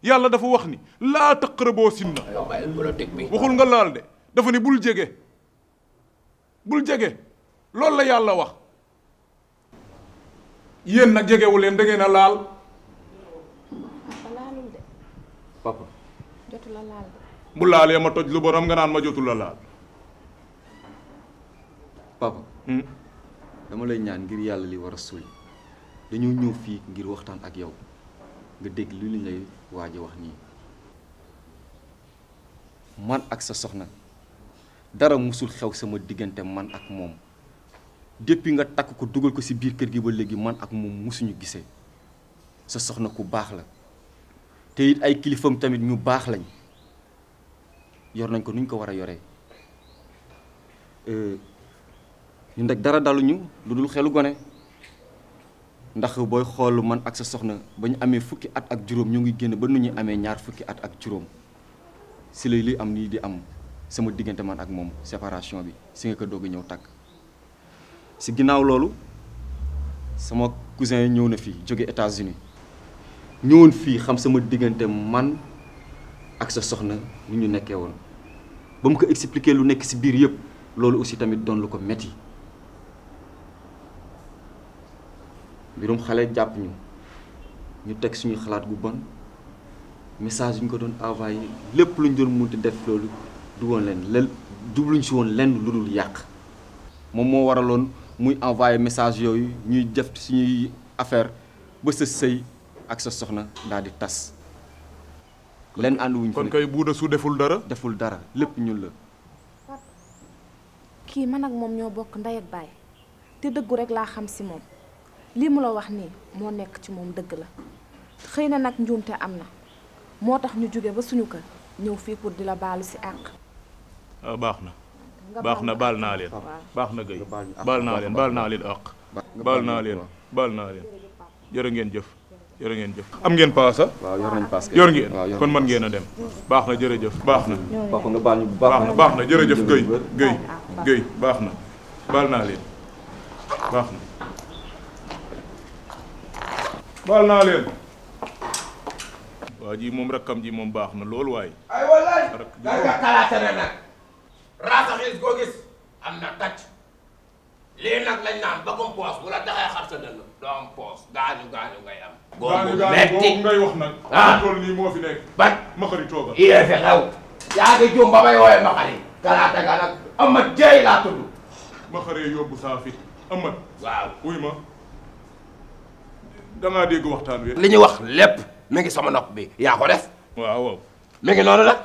yàlla dafa wax ni laa taqraboo sinna waxul nga laal de dafa ne bul jege bul jege loolu la yàlla wax yéen nag jegewu leen da ngeen a laal papa. jotul la laal bu laalee ma toj lu borom nga naan ma jotul laal. papa. Hmm? dama lay ñaan ngir yàlla li war a suul dañoo ñëw fii ngir waxtaan ak yow nga dégg li li lay waaj wax nii. man ak sa soxna dara musul xew sama diggante man ak moom depuis nga takk ko dugal ko ci biir kër gi ba léegi man ak moom mosuñu gisee sa soxna ku baax la. te it ay kilifam tamit ñu baax lañ yor nañ ko nuñ ko war a yoree euh, ñun nag dara daluñu lu dul xelu gone ndax booy xool man ak sa soxna ba ñu amee fukki at ak juróom ñu ngi génn ba nu ñuy amee ñaar fukki at ak juróom si lay li am nii di am sama diggante man ak moom séparation bi si nga ko doog ñëw takk si ginnaaw loolu sama cousin ñëw na fi jóge États-Unis ñëwoon fii xam sama diggante man ak sa soxna ni ñu nekkee woon ba mu ko expliquer lu nekk ci biir yëpp loolu aussi tamit doon lu ko metti mbirum xale jàpp ñu ñu teg suñu xalaat gu bon message yu ñu ko doon envoyé lépp lu ñu doon munti def loolu du woon leen lel jubluñ si woon lenn lu dul yàq moom moo waraloon muy envoyé message yooyu ñuy def suñuy affaire ba sa sëy ak sa soxna daal di tas. leen ànd wuñ kon kay buuda su deful dara. deful dara lépp ñun la. kii man ak moom ñoo bokk ndey baay te dëggu rek laa xam si moom lii mu la wax nii moo nekk ci moom dëgg la xëy na nag njuumte am na moo tax ñu jóge ba suñu kër ñëw fii pour di la baalu si àq. Ah, baax na. baax na baal naa leen baax na gay baal naa leen baal naa leen àq. baal ngeen jëf. yore ngeen jëf am ngeen paas ah. waaw yor nañ paas yor ngeen kon mën ngeen a dem. baax na jërëjëf baax na. baax na baax na baax na jërëjëf Guèye Guèye ah, Guèye baax na baal naa leen baax na. baal naa leen. waa ji moom rakkam ji moom baax na loolu waaye. ay wallaay nga kalaate na nag. raasaxis koo gis am na tàcc lii nag lañ naan ba comme poos bu la xar sa dënn doom poos gaañu gaañu ngay am. góor bu ngay wax nag. ah tool moo fi nekk. ba Makari tooga. yéen fi xew. yaa ngi juum ba may woowee Makari. galaata ga nag Amath Dieye laa tudd. Makari yóbbu saa fi Amath. waaw wuy ma da dégg waxtaan wi. li ñu wax lépp mi ngi sama nopp bi yaa ko def. waaw ngi noonu nag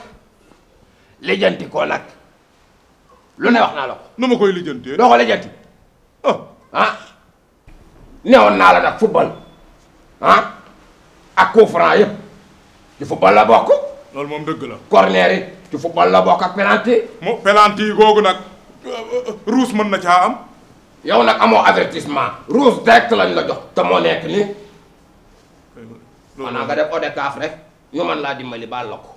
lijjanti ko nag lu ne wax naa la nu ma koy lijjantee. doo ko lijjanti ah. ah. neewoon naa la nag football ah ak coup franc ci football la bokk. loolu moom dëgg la. corner yi ci football la bokk ak penalty. mu penalty googu nag euh, euh, euh, rouge mën na caa am. yow nag amoo avertissement rouge direct lañ la jox te moo nekk nii. xanaa nga def ODCAV rek ñu mën laa dimbali baal la ko.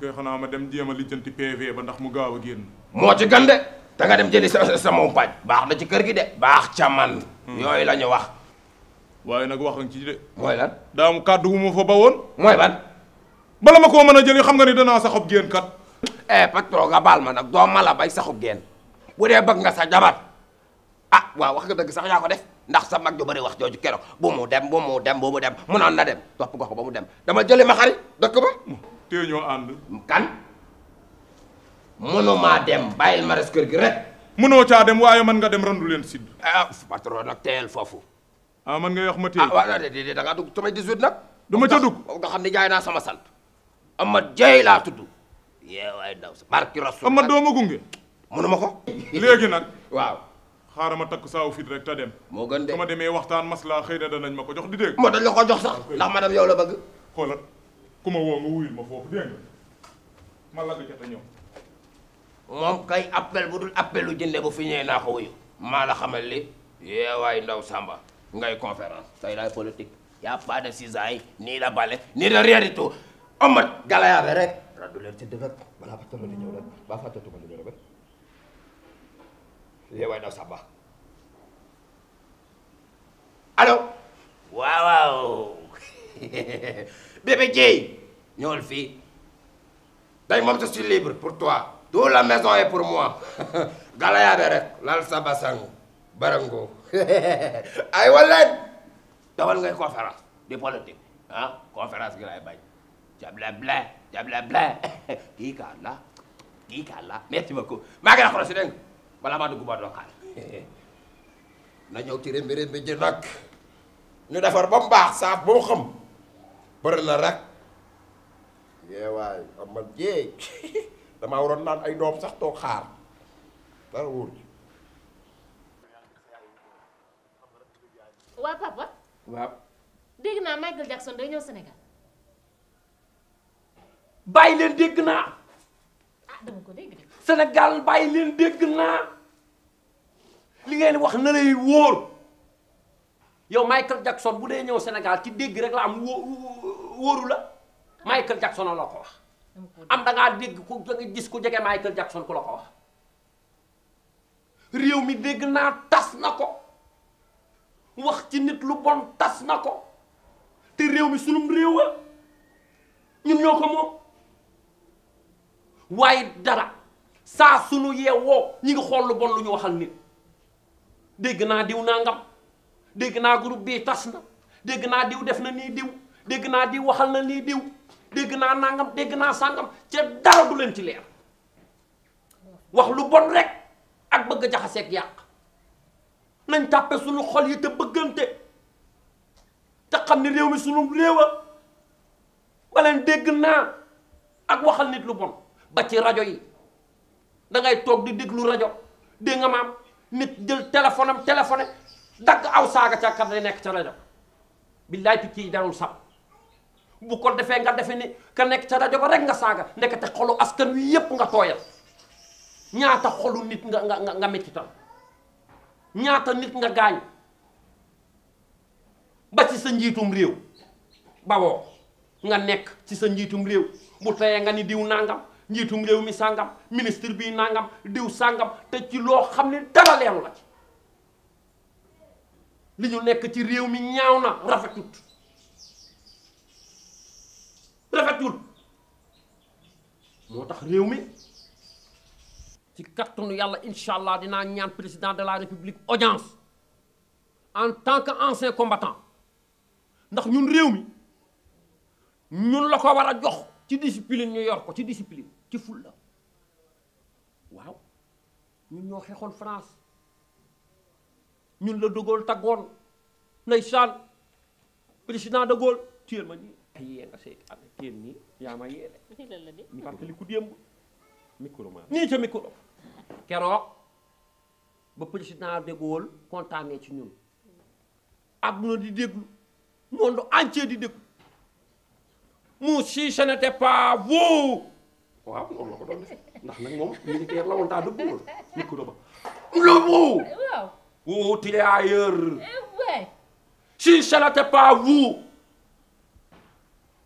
nga xanaa ma dem jéem a lijjanti PV ba ndax mu gaaw a génn. moo ci gande da nga dem jëli sa sa sa moom paj baax na ci kër gi de. baax ca man. Hmm. yooyu la wax. waaye nag wax nga ci de. mooy lan daa am kàddu wu ma fa ba woon. mooy ban. bala ma koo mën a jëli xam nga ni danaa saxub génn kat. eh patron nga baal ma nag doo mala bay saxub génn bu dee bëgg nga sa jabar ah waaw wax nga dëgg sax yaa ko def ndax sa mag ju wax jooju keroog bu mu dem bu mu dem bu mu dem munoon na dem topp nga ko ba mu dem dama jëli ma xari dëkk ba. tey ñoo ànd. kan mënumaa dem bàyyil ma res kër gi rek. mënoo caa dem waaye mën nga dem randu leen sidd. ah patron nag teel foofu. ah man ngay wax ma ah, téye ah waaw déedéet da ngaa dugg tamay 18 nag. du ma ca dugg xam ne jaay naa sama sant. Amad Dieye laa tudd. yee ndaw sa barki rasul. Amad doo ma ko. nag. waaw. xaaral ma takk saawu fit moo gën ma demee waxtaan maslaa ko jox di moo dañ la ko jox sax ndax madame yow la bëgg. xoolal ku ma woo nga wuyul ma foofu dégg ma la nga jot a ñëw. moom kay appel bu dul appelu jënde bu fi ñëwee naa ko wuyu. maa la xamal li. yee ndaw Samba. ngay conférence tey laay politique y a pas de cisaille ni de balai ni de rien du tout amat galayaabe rek raddu ci dëgër balaa fàttali di ñëw rek baa fàttali ko di ñëw rek lii waay daw sàbba allo waaw waaw bébé Dieye ñëwal fii tey moom je suis libre pour toi toute la maison est pour moi galayaabe rek lal sàbba sang barango ay waleen dawal ngay conférence di politique ah conférence gi lay bañ jabla bla jabla bla kii kaa la kii kaa la merci beaucoup maa ngi raxolo si dégg balaa maa dugg ba doxaal na ñëw ci rembi rembi ji nag ñu defar ba mu baax saaf boo xam rek yeewaay am man damaa waroon naan ay doom sax toog xaar dara wóor waaw papa. dégg naa Michael Jackson day ñëw Sénégal. bàyyi leen dégg naa. ah dama dégg naa li ngeen wax na lay wóor yow Michael Jackson bu dee ñëw senegal ci dégg rek la am wó wóoru la Michael Jackson la ko wax. am da dégg ku gis ku jege Michael Jackson ku la ko wax réew mi dégg naa tas na ko. wax ci nit lu bon tas na ko te réew mi sunu réew a ñun ñoo ko moom waaye dara saa sunu yeewoo ñi ngi xool lu bon lu ñu waxal nit dégg naa diw naa dégg naa groupe bii tas na dégg naa diw def na nii diw dégg naa diw waxal na nii diw dégg naa nàngam dégg naa sàngam ca dara du leen ci leer wax lu bon rek ak bëgg a jaxaseeg yàq nañ tàppe suñu xol yi te bëggante te xam ne réew mi suñu réew a dégg naa ak waxal nit lu bon ba ci rajo yi dangay toog di déglu rajo dégg nga maam nit jël téléphone am dagg aw saaga ca kat lay nekk ca rajo billaay picc yi daawul sab bu ko defee nga defe ni ka nekk ca rajo ba rek nga saaga te xolu askan wi yépp nga tooyal ñaata xolu nit nga nga nga mettital ñaata nit nga gaañ ba ci sa njiitum réew bawoo nga nekk ci sa njiitum réew bu teyee nga ni diw nangam njiitum réew mi sàngam ministre bi nangam diw sàngam te ci loo xam ne dara la ci li ñu nekk ci réew mi ñaaw na rafetut rafetut moo tax réew mi ci kattanu yàlla incha allah dinaa ñaan président de la république audience en tant que ancien combatant ndax ñun réew mi ñun la ko war a jox ci discipline ñu yor ko ci discipline ci fulla waaw ñun ñoo xeexoon France ñun la de Gaulle taggoon ndeysaan président de Gaulle téel ma nii ay yee nga seet ak yaa ma yee de ñu fàttali ku démb micro ma nii ca micro keroog ba président de Gaulle kontaanee ci ñun adduna di déglu monde entier di déglu mu si ce n'était pas waaw noonu la ko doon def ndax nag moom la woon daa dëgg woon micro ba le vous eh, vous tirailleur eh, si ce n'était pas vous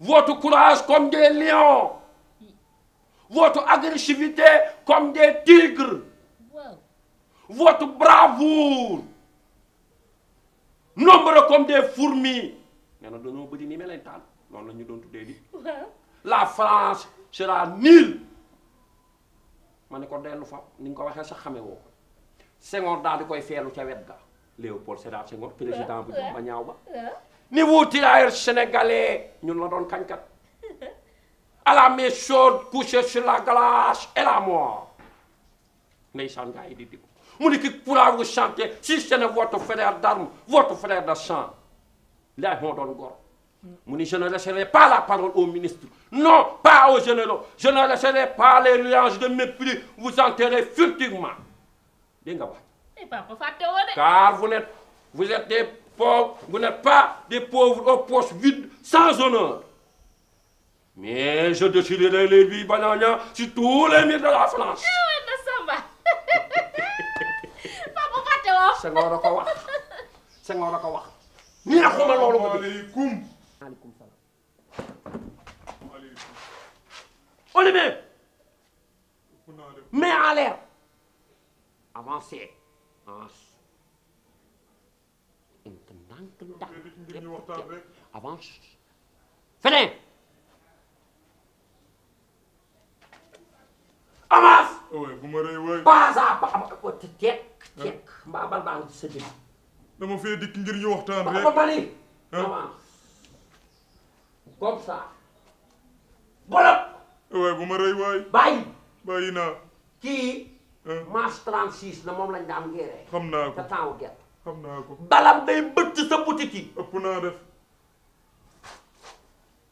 votre courage comme des lions votre agressivité comme des tigres, wow. votre bravoure, nombreux comme des fourmis. nee na dañoo bëri ni melentaan noonu la ñu doon tuddee di la France sera nulle. ma ne ko dellu fa ni nga ko waxee sa xame woo ko Senghor daal di koy feelu ca wet ga Léopold Sédar Senghor président bu ba ñaaw ba niveau tirailleur sénégalais ñun la doon kañkat à la main chaude couché sur la glace et la mort ndeysaan gars yi di déglu pourra vous chanter si ce n'est votre frère d'armes votre frère de sang laay moo doon gor mu ne je ne pas la parole au ministre non pas aux généraux je ne laisserai pas les nuances de mépris vous enterrer furtivement dégg nga eh, pas des pauvres aux poches vides sans honneur. Mais je déchirerai les huit bananes sur tous les murs de la France. eh na Samba papa fàtte woo. Senghor a ko wax Senghor a ko wax. neexuma loolu ma aleykum. maaleykum salaam. maaleykum. Olivier. mets en l'air. avancez. avance. feneen. avance. waaw bu ma rëy waay. pas à pas teek ah. teek mbaa bal baa ngi ci sa dégg. dama fee dikk ngir ñu waxtaan rek ba ba ni. avance comme ça. bolop. waay bu ma rëy waay. bàyyi. bàyyi naa. kii. Ah. mars 36 la moom lañ daan géré. xam naa ko te temps wu gerte. xam naa ko balam day bëtt sa boutique yi. ëpp naa def.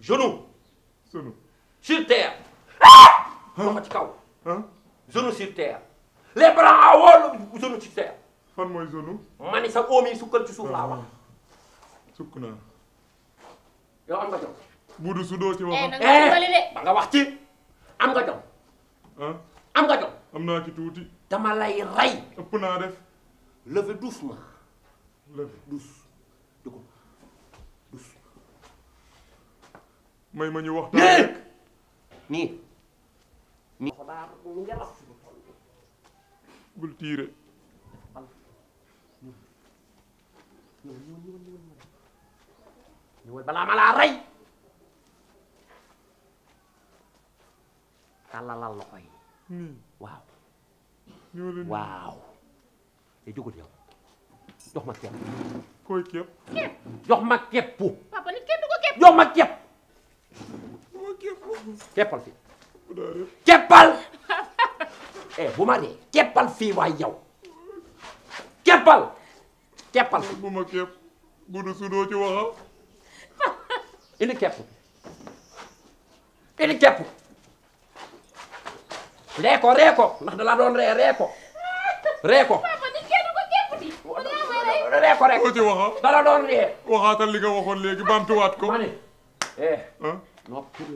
genou. genou. sur terre. ah. ma ci kaw. zone sur terre les blancs a woolu fan mooy zone. ma sa oom yi ci suuf laa wax. sukk naa. yow am nga jom. Moodu su doo ci eh, wax. Eh, ba nga wax ci am nga jom. am naa ci tuuti. dama rey. ëpp naa def. lever doucement. lever douce di may ma ñu waxtaan nii. bul tiire ñëwal ma laa rey tàllalal loxo yi waaw waaw te eh, jógal yow jox ma kepp koy kepp jox ma keppu jox ma kepp keppal fi keppal eh bu ma dee keppal fii waay yow keppal keppal bu ma kepp bu du sudoo ci waxal indi kepp indi kepp ree ko ree ndax da laa doon ree ree ko ree ko ree ko rek da la doon li nga waxoon léegi ko noppil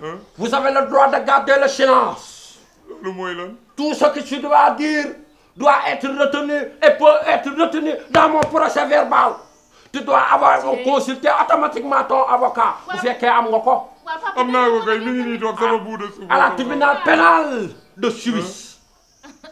vous avez le droit de garder le silence. tout ce que je dois dire doit être retenu et peut être retenu dans mon procès verbal. tu dois avoir consulté automatiquement ton avocat. bu fekkee am nga am naa ko kay mi ngi pénal de Suisse.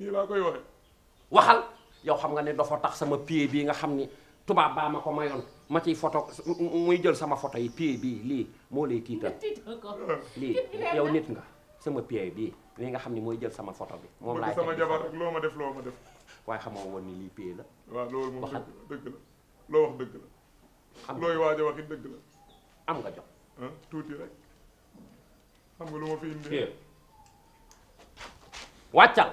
nii laa koy waxee. waxal yow xam nga ne dafa tax sama pied bii nga xam ni tubaab baa ma ko mayoon ma ci photo muy jël sama photo yi pied bii lii moo lay tiital lii yow nit nga sama pied bii li nga xam ni mooy jël sama photo bi. moom laay sama jabar rek loo ma def loo ma def. waaye xamoo woon ni lii pied la. waaw loolu moom wax dëgg la. xam nga am nga jox. Ah, tuuti rek xam nga lu ma fi indi. wàccal.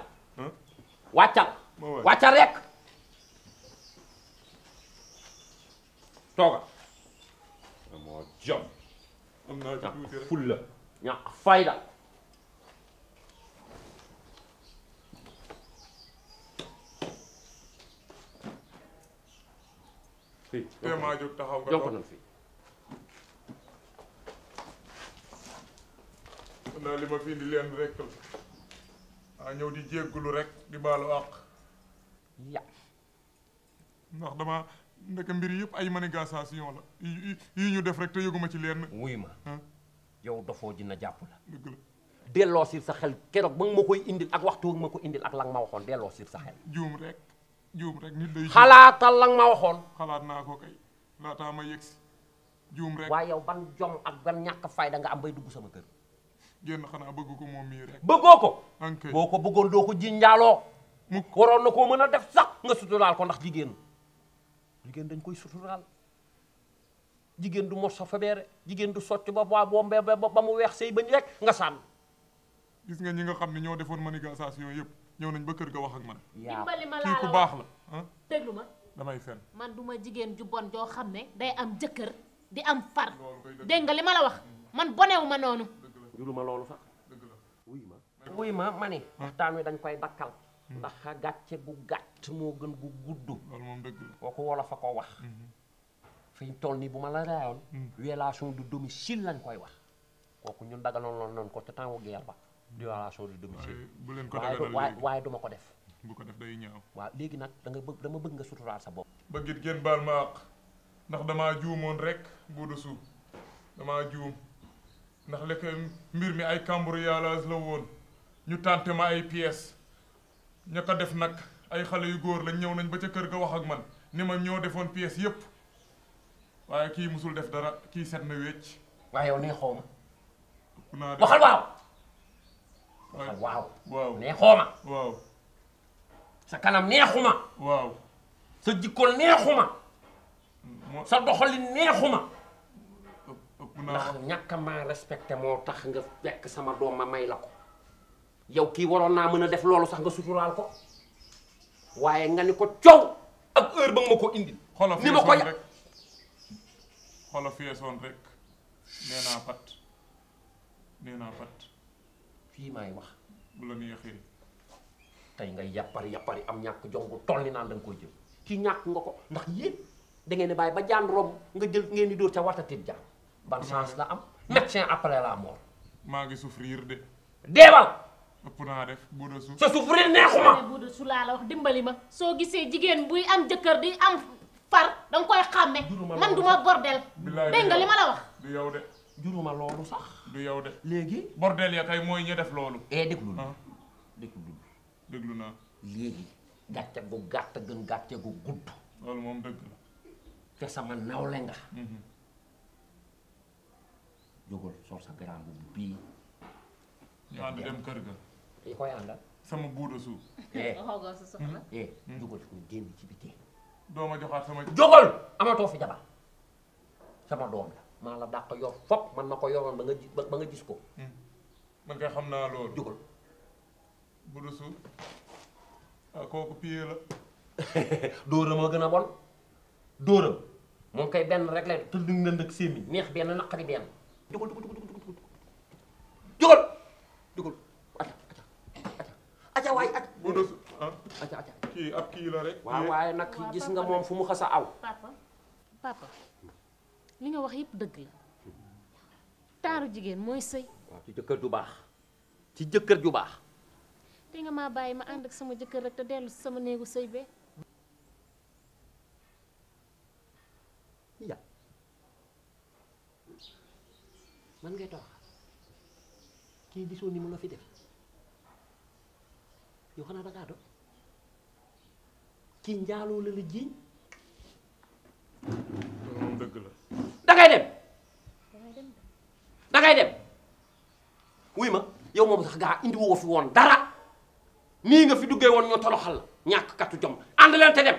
wàccal wàccal rek tooga amoo jom ñàkk fulla ñàkk fayda fii nan fii fi waa ñëw di jéggulu rek di baalu àq ya ndax dama ndeke mbir yëpp ay manégation la yi ñu def rek te yëguma ci lenn wuy ma yow dofoo dina jàpp la dëgg la delloo siir sa xel keroog ba nga ma koy indil ak waxtu ma ko indil ak lan ma waxoon delloo siir sa xel juum rek juum rek nit xalaatal la ma waxoon xalaat naa ko kay laataa ma yegsi juum rek waaye yow ban jom ak ban ñàkk fayda nga am bay dugg sama kër génn xanaa bëgg ko moom mii rek. bëggoo ko. boo ko bëggoon doo ko ji njaaloo. mu waroon na koo mën a def sax nga suturaal ko ndax jigéen jigéen dañ koy suturaal jigéen du mos sa febeere jigéen du sotti ba waa boo ba mu weex say bañ rek nga sànn gis nga ñi nga xam ni ñoo defoon yooyu yëpp ñëw nañ ba kër ga wax ak man. dimbali ma laa la ku baax la. Ah? déglu damay man du ma jigéen ju joo xam ne day am jëkkër di am far dégg li ma la wax man bonewu ma noonu. juru ma loolu sax wuy ma wuy ma ma ni waxtaan wi dañ koy dakkal ndax gàcce gu gàtt moo gën gu gudd loolu moom dëgg la kooku wolof a ko wax mhm. fi ñu nii bu ma la raayoon mhm. violation de domicile lañ koy wax kooku ñun dagaloon loon noonu ko te temps wu guerre ba violation de domicile bu leen ko dagalal waaye duma ko def bu ko def day ñaaw waaw léegi nag da nga bëgg dama bëgg nga suturaal sa bopp ba git geen baal ma àq ndax damaa juumoon rek buuda suuf damaa juum ndax lekk mbir mi ay cambriolage la woon ñu tànte ma ay pièces ña def nag ay xale yu góor lañ ñëw nañ ba ca kër ga wax ak man ni ma ñoo defoon pièces yépp waaye kii musul def dara kii set na wécc waaye yow nee xooma waxal waaw waxal waaw waaw nee xooma waaw sa kanam neexuma waaw sa jikko neexuma sa doxalin neexuma ndax ñàkk maa respecté moo tax nga fekk sama doom ma may la ko yow kii waroon naa mën a def loolu sax nga suturaal ko waaye nga ni ko coow ak heure ba nga ko indi li ma ko xolo fiesoon rek nee naa pat nee naa pat wax bu la neexee tey ngay yàppari yàppari am ñàkk jom bu toll ni naan da nga koy jël ci ñàkk nga ko ndax yéen da ngeen ne bàyyi ba jaan romb nga jël ngeen di dóor ca warta tit jaan ban chance la am médecin après la mort. maa ngi souffrir de. deewal. ëpp naa def buuda suuf. sa souffrir neexuma. buuda su laa la wax dimbali ma. soo gisee jigéen buy am jëkkër di am far da nga koy xàmme. man du ma bordel. dégg li ma la wax. du yow de. juruma loolu sax. du yow de. léegi. bordel ya kay mooy nga def loolu. eh déglu na ah. déglu na. déglu naa. léegi gàcce gu gàtt gën gàcce gu gudd. loolu moom dëgg te sama nawle nga. Mhm. jógal sol sa grand bu bii. ñu ànd dem kër ga. li koy àndal. sama buuda suuf. waxoo eh. sa soxla. jógal ko génn ci biti. doo ma joxaat sama. jógal amatoo fi jabar sama doom la maa la dàq yor fop man ma ko yoroon ba nga gis ba nga gis ko. Hmm. man kay xam naa loolu. jógal. buuda suuf ah, kooku piyee la. dóoram a gën a bon dóoram moom kay benn rek la te duñ ndëkk séemi neex benn naqari benn. jógal dugal dugal dugal jógal acca acca acca waay acca ah. kii ab kii la rek waaw waaye nag gis nga moom fu mu xas a aw papa li nga wax yëpp dëgg la taaru jigéen mooy sëy waaw ci jëkkër ju baax ci jëkkër ju baax te nga maa bàyyi ma ànd ak sama jëkkër rek te dellu sama néegu sëy lan ngay toog kii gisoo ni mu la fi def yow xanaa dangaa do kii njaaloo la la jiiñ dëgg la dangay dem dangay dem wuy ma yow moom sax gaa indi fi woon dara nii nga fi duggee woon ñoo toroxal la ñàkk kattu jom ànd leen te dem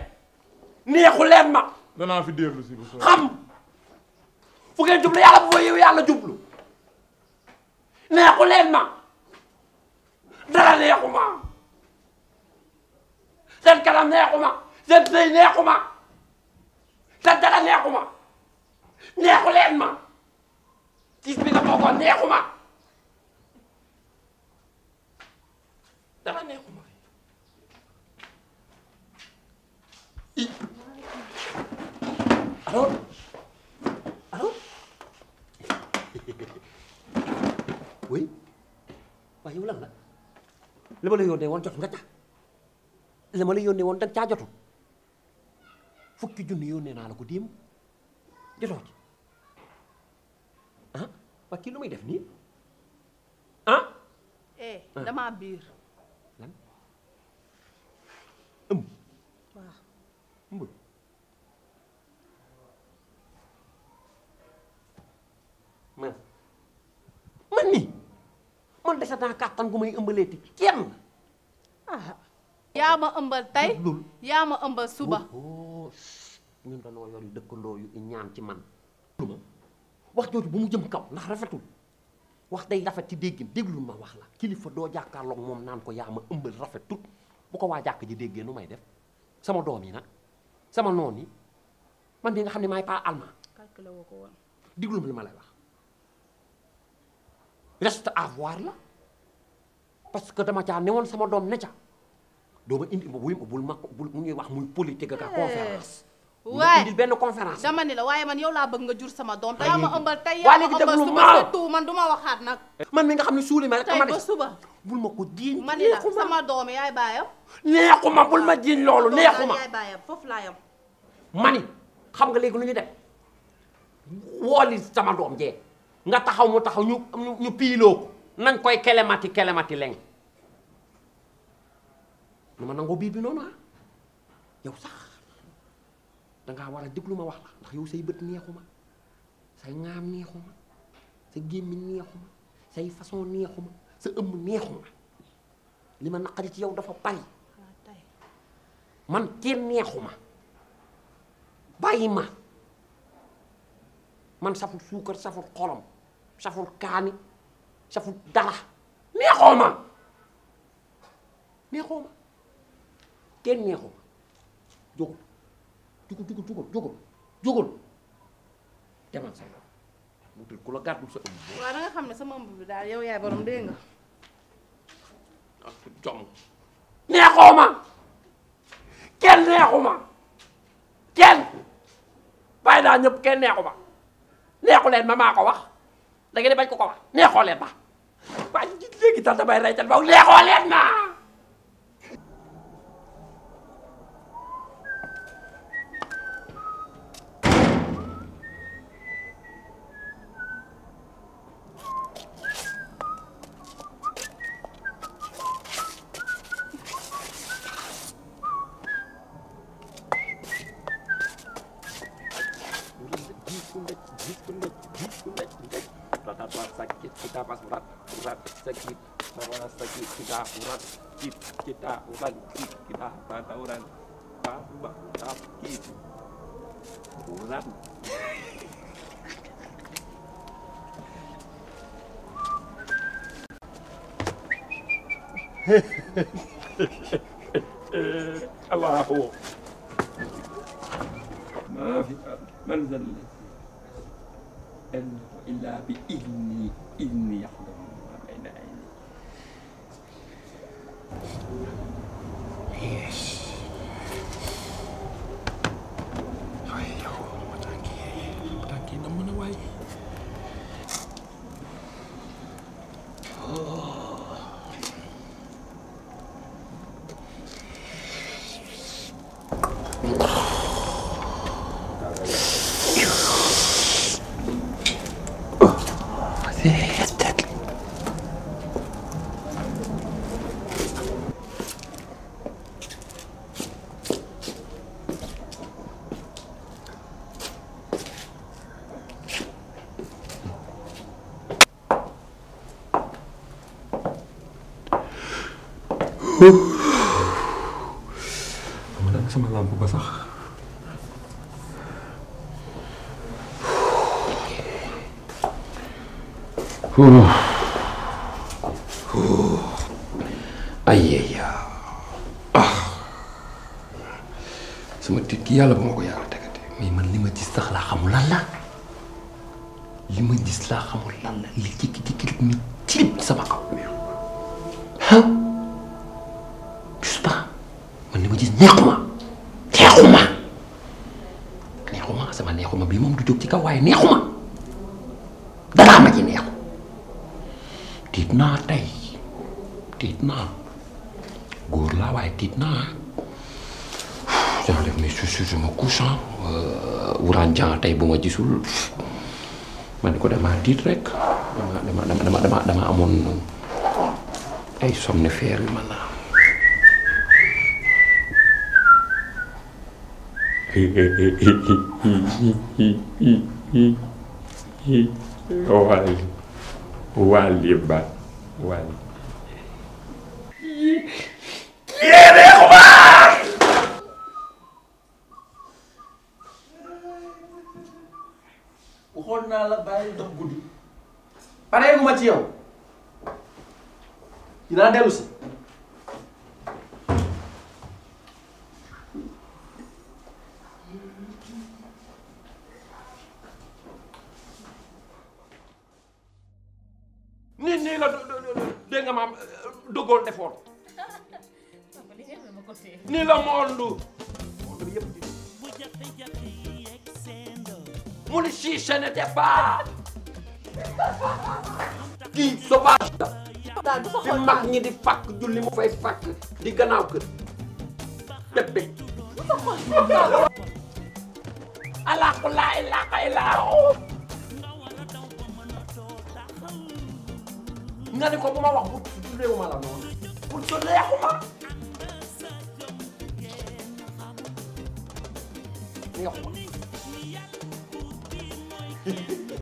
neexu leen ma danaa fi dellu si xam fu jublu yàlla bu fa yow yàlla jublu neexu leen ma dara neexu ma seen kanam neexu ma seen sëy neexu ma seen dara neexu ma neexu leen ma gis bi nga oui waaw yow lan la li ma la yónnee woon jot nga ca li ma la yónnee woon danga caa jotu fukki junni yónnee naa la ko démb jotoo ci waa kii def nii ah. eh damaa biir. lan man man nii. man dese naa kàttan gu may ëmbaleeti kenn ah. yaa ma ëmbal tey yaa ma ëmbal suba. Oh, ñun dañoo yor yu ñaan ci man. wax jooju bu mu jëm kaw ndax rafetul wax day rafet ci déggin déglul ma wax la kilifa doo jàkkaarloog moom naan ko yaa ma ëmbal rafetul bu ko waa jàkk ji déggee nu may def sama doom yi nag sama noon yi man bi nga xam ne maay pas allemand. calculé woo ko ma li ma lay wax. reste à voir la parce que dama caa woon sama doom ne ca doo indi indi bu bul ma bul mu ñuy wax muy politique ak eh. conférence. waaye benn conférence. dama ni la waaye man yow laa bëgg nga jur sama doom. yaa ma ëmbal tey yaa man du waxaat man mi nga xam ne suuli ma rek. tey ba suba bul ko diin. ma ni la sama doom yaay baayam. neexuma bul ma diin loolu neexuma. yaay baayam foofu laa yam. ma xam nga léegi lu ñu def wooli sama doom jee. nga taxaw mu taxaw ñu ñu piiloo ko nang koy kelemati kelemati leng nu ma nangoo biir bi noonu ah yow sax dangaa war a déglu ma wax la ndax yow say bët neexu ma ŋaam neexuma sa gémmiñ neexuma say façon neexuma sa ëmb neexuma li ma naqari ci yow dafa bari man kenn ma bàyyi ma man safut suukar safut xorom saful kaani saful dara neexoo ma neexoo ma kenn neexoo ma jógul jógul jógul jógul jógul jógul demal sa yoon mu dul ku la gàddul sa nga xam ne sama ëmb bi daal yow yaay borom dégg nga ak jom neexoo ma kenn neexu ma kenn bàyyi daa ñëpp kenn neexu ma neexu leen ko wax da ngeen di bañ ko ko wax neexoo leen ma waaye léegi tal damay rey tal ba neexoo leen ma Laden. الله فوق ما في من ذا الذي الا باذني اذني يحضر gisul ma ko damaa tiit rek dama dama dama dama dama amoon ay somnifères yu ma naan Wally Wally Ba dana dellu si ñi di fàkk julli mu fay fàkk di gannaaw kër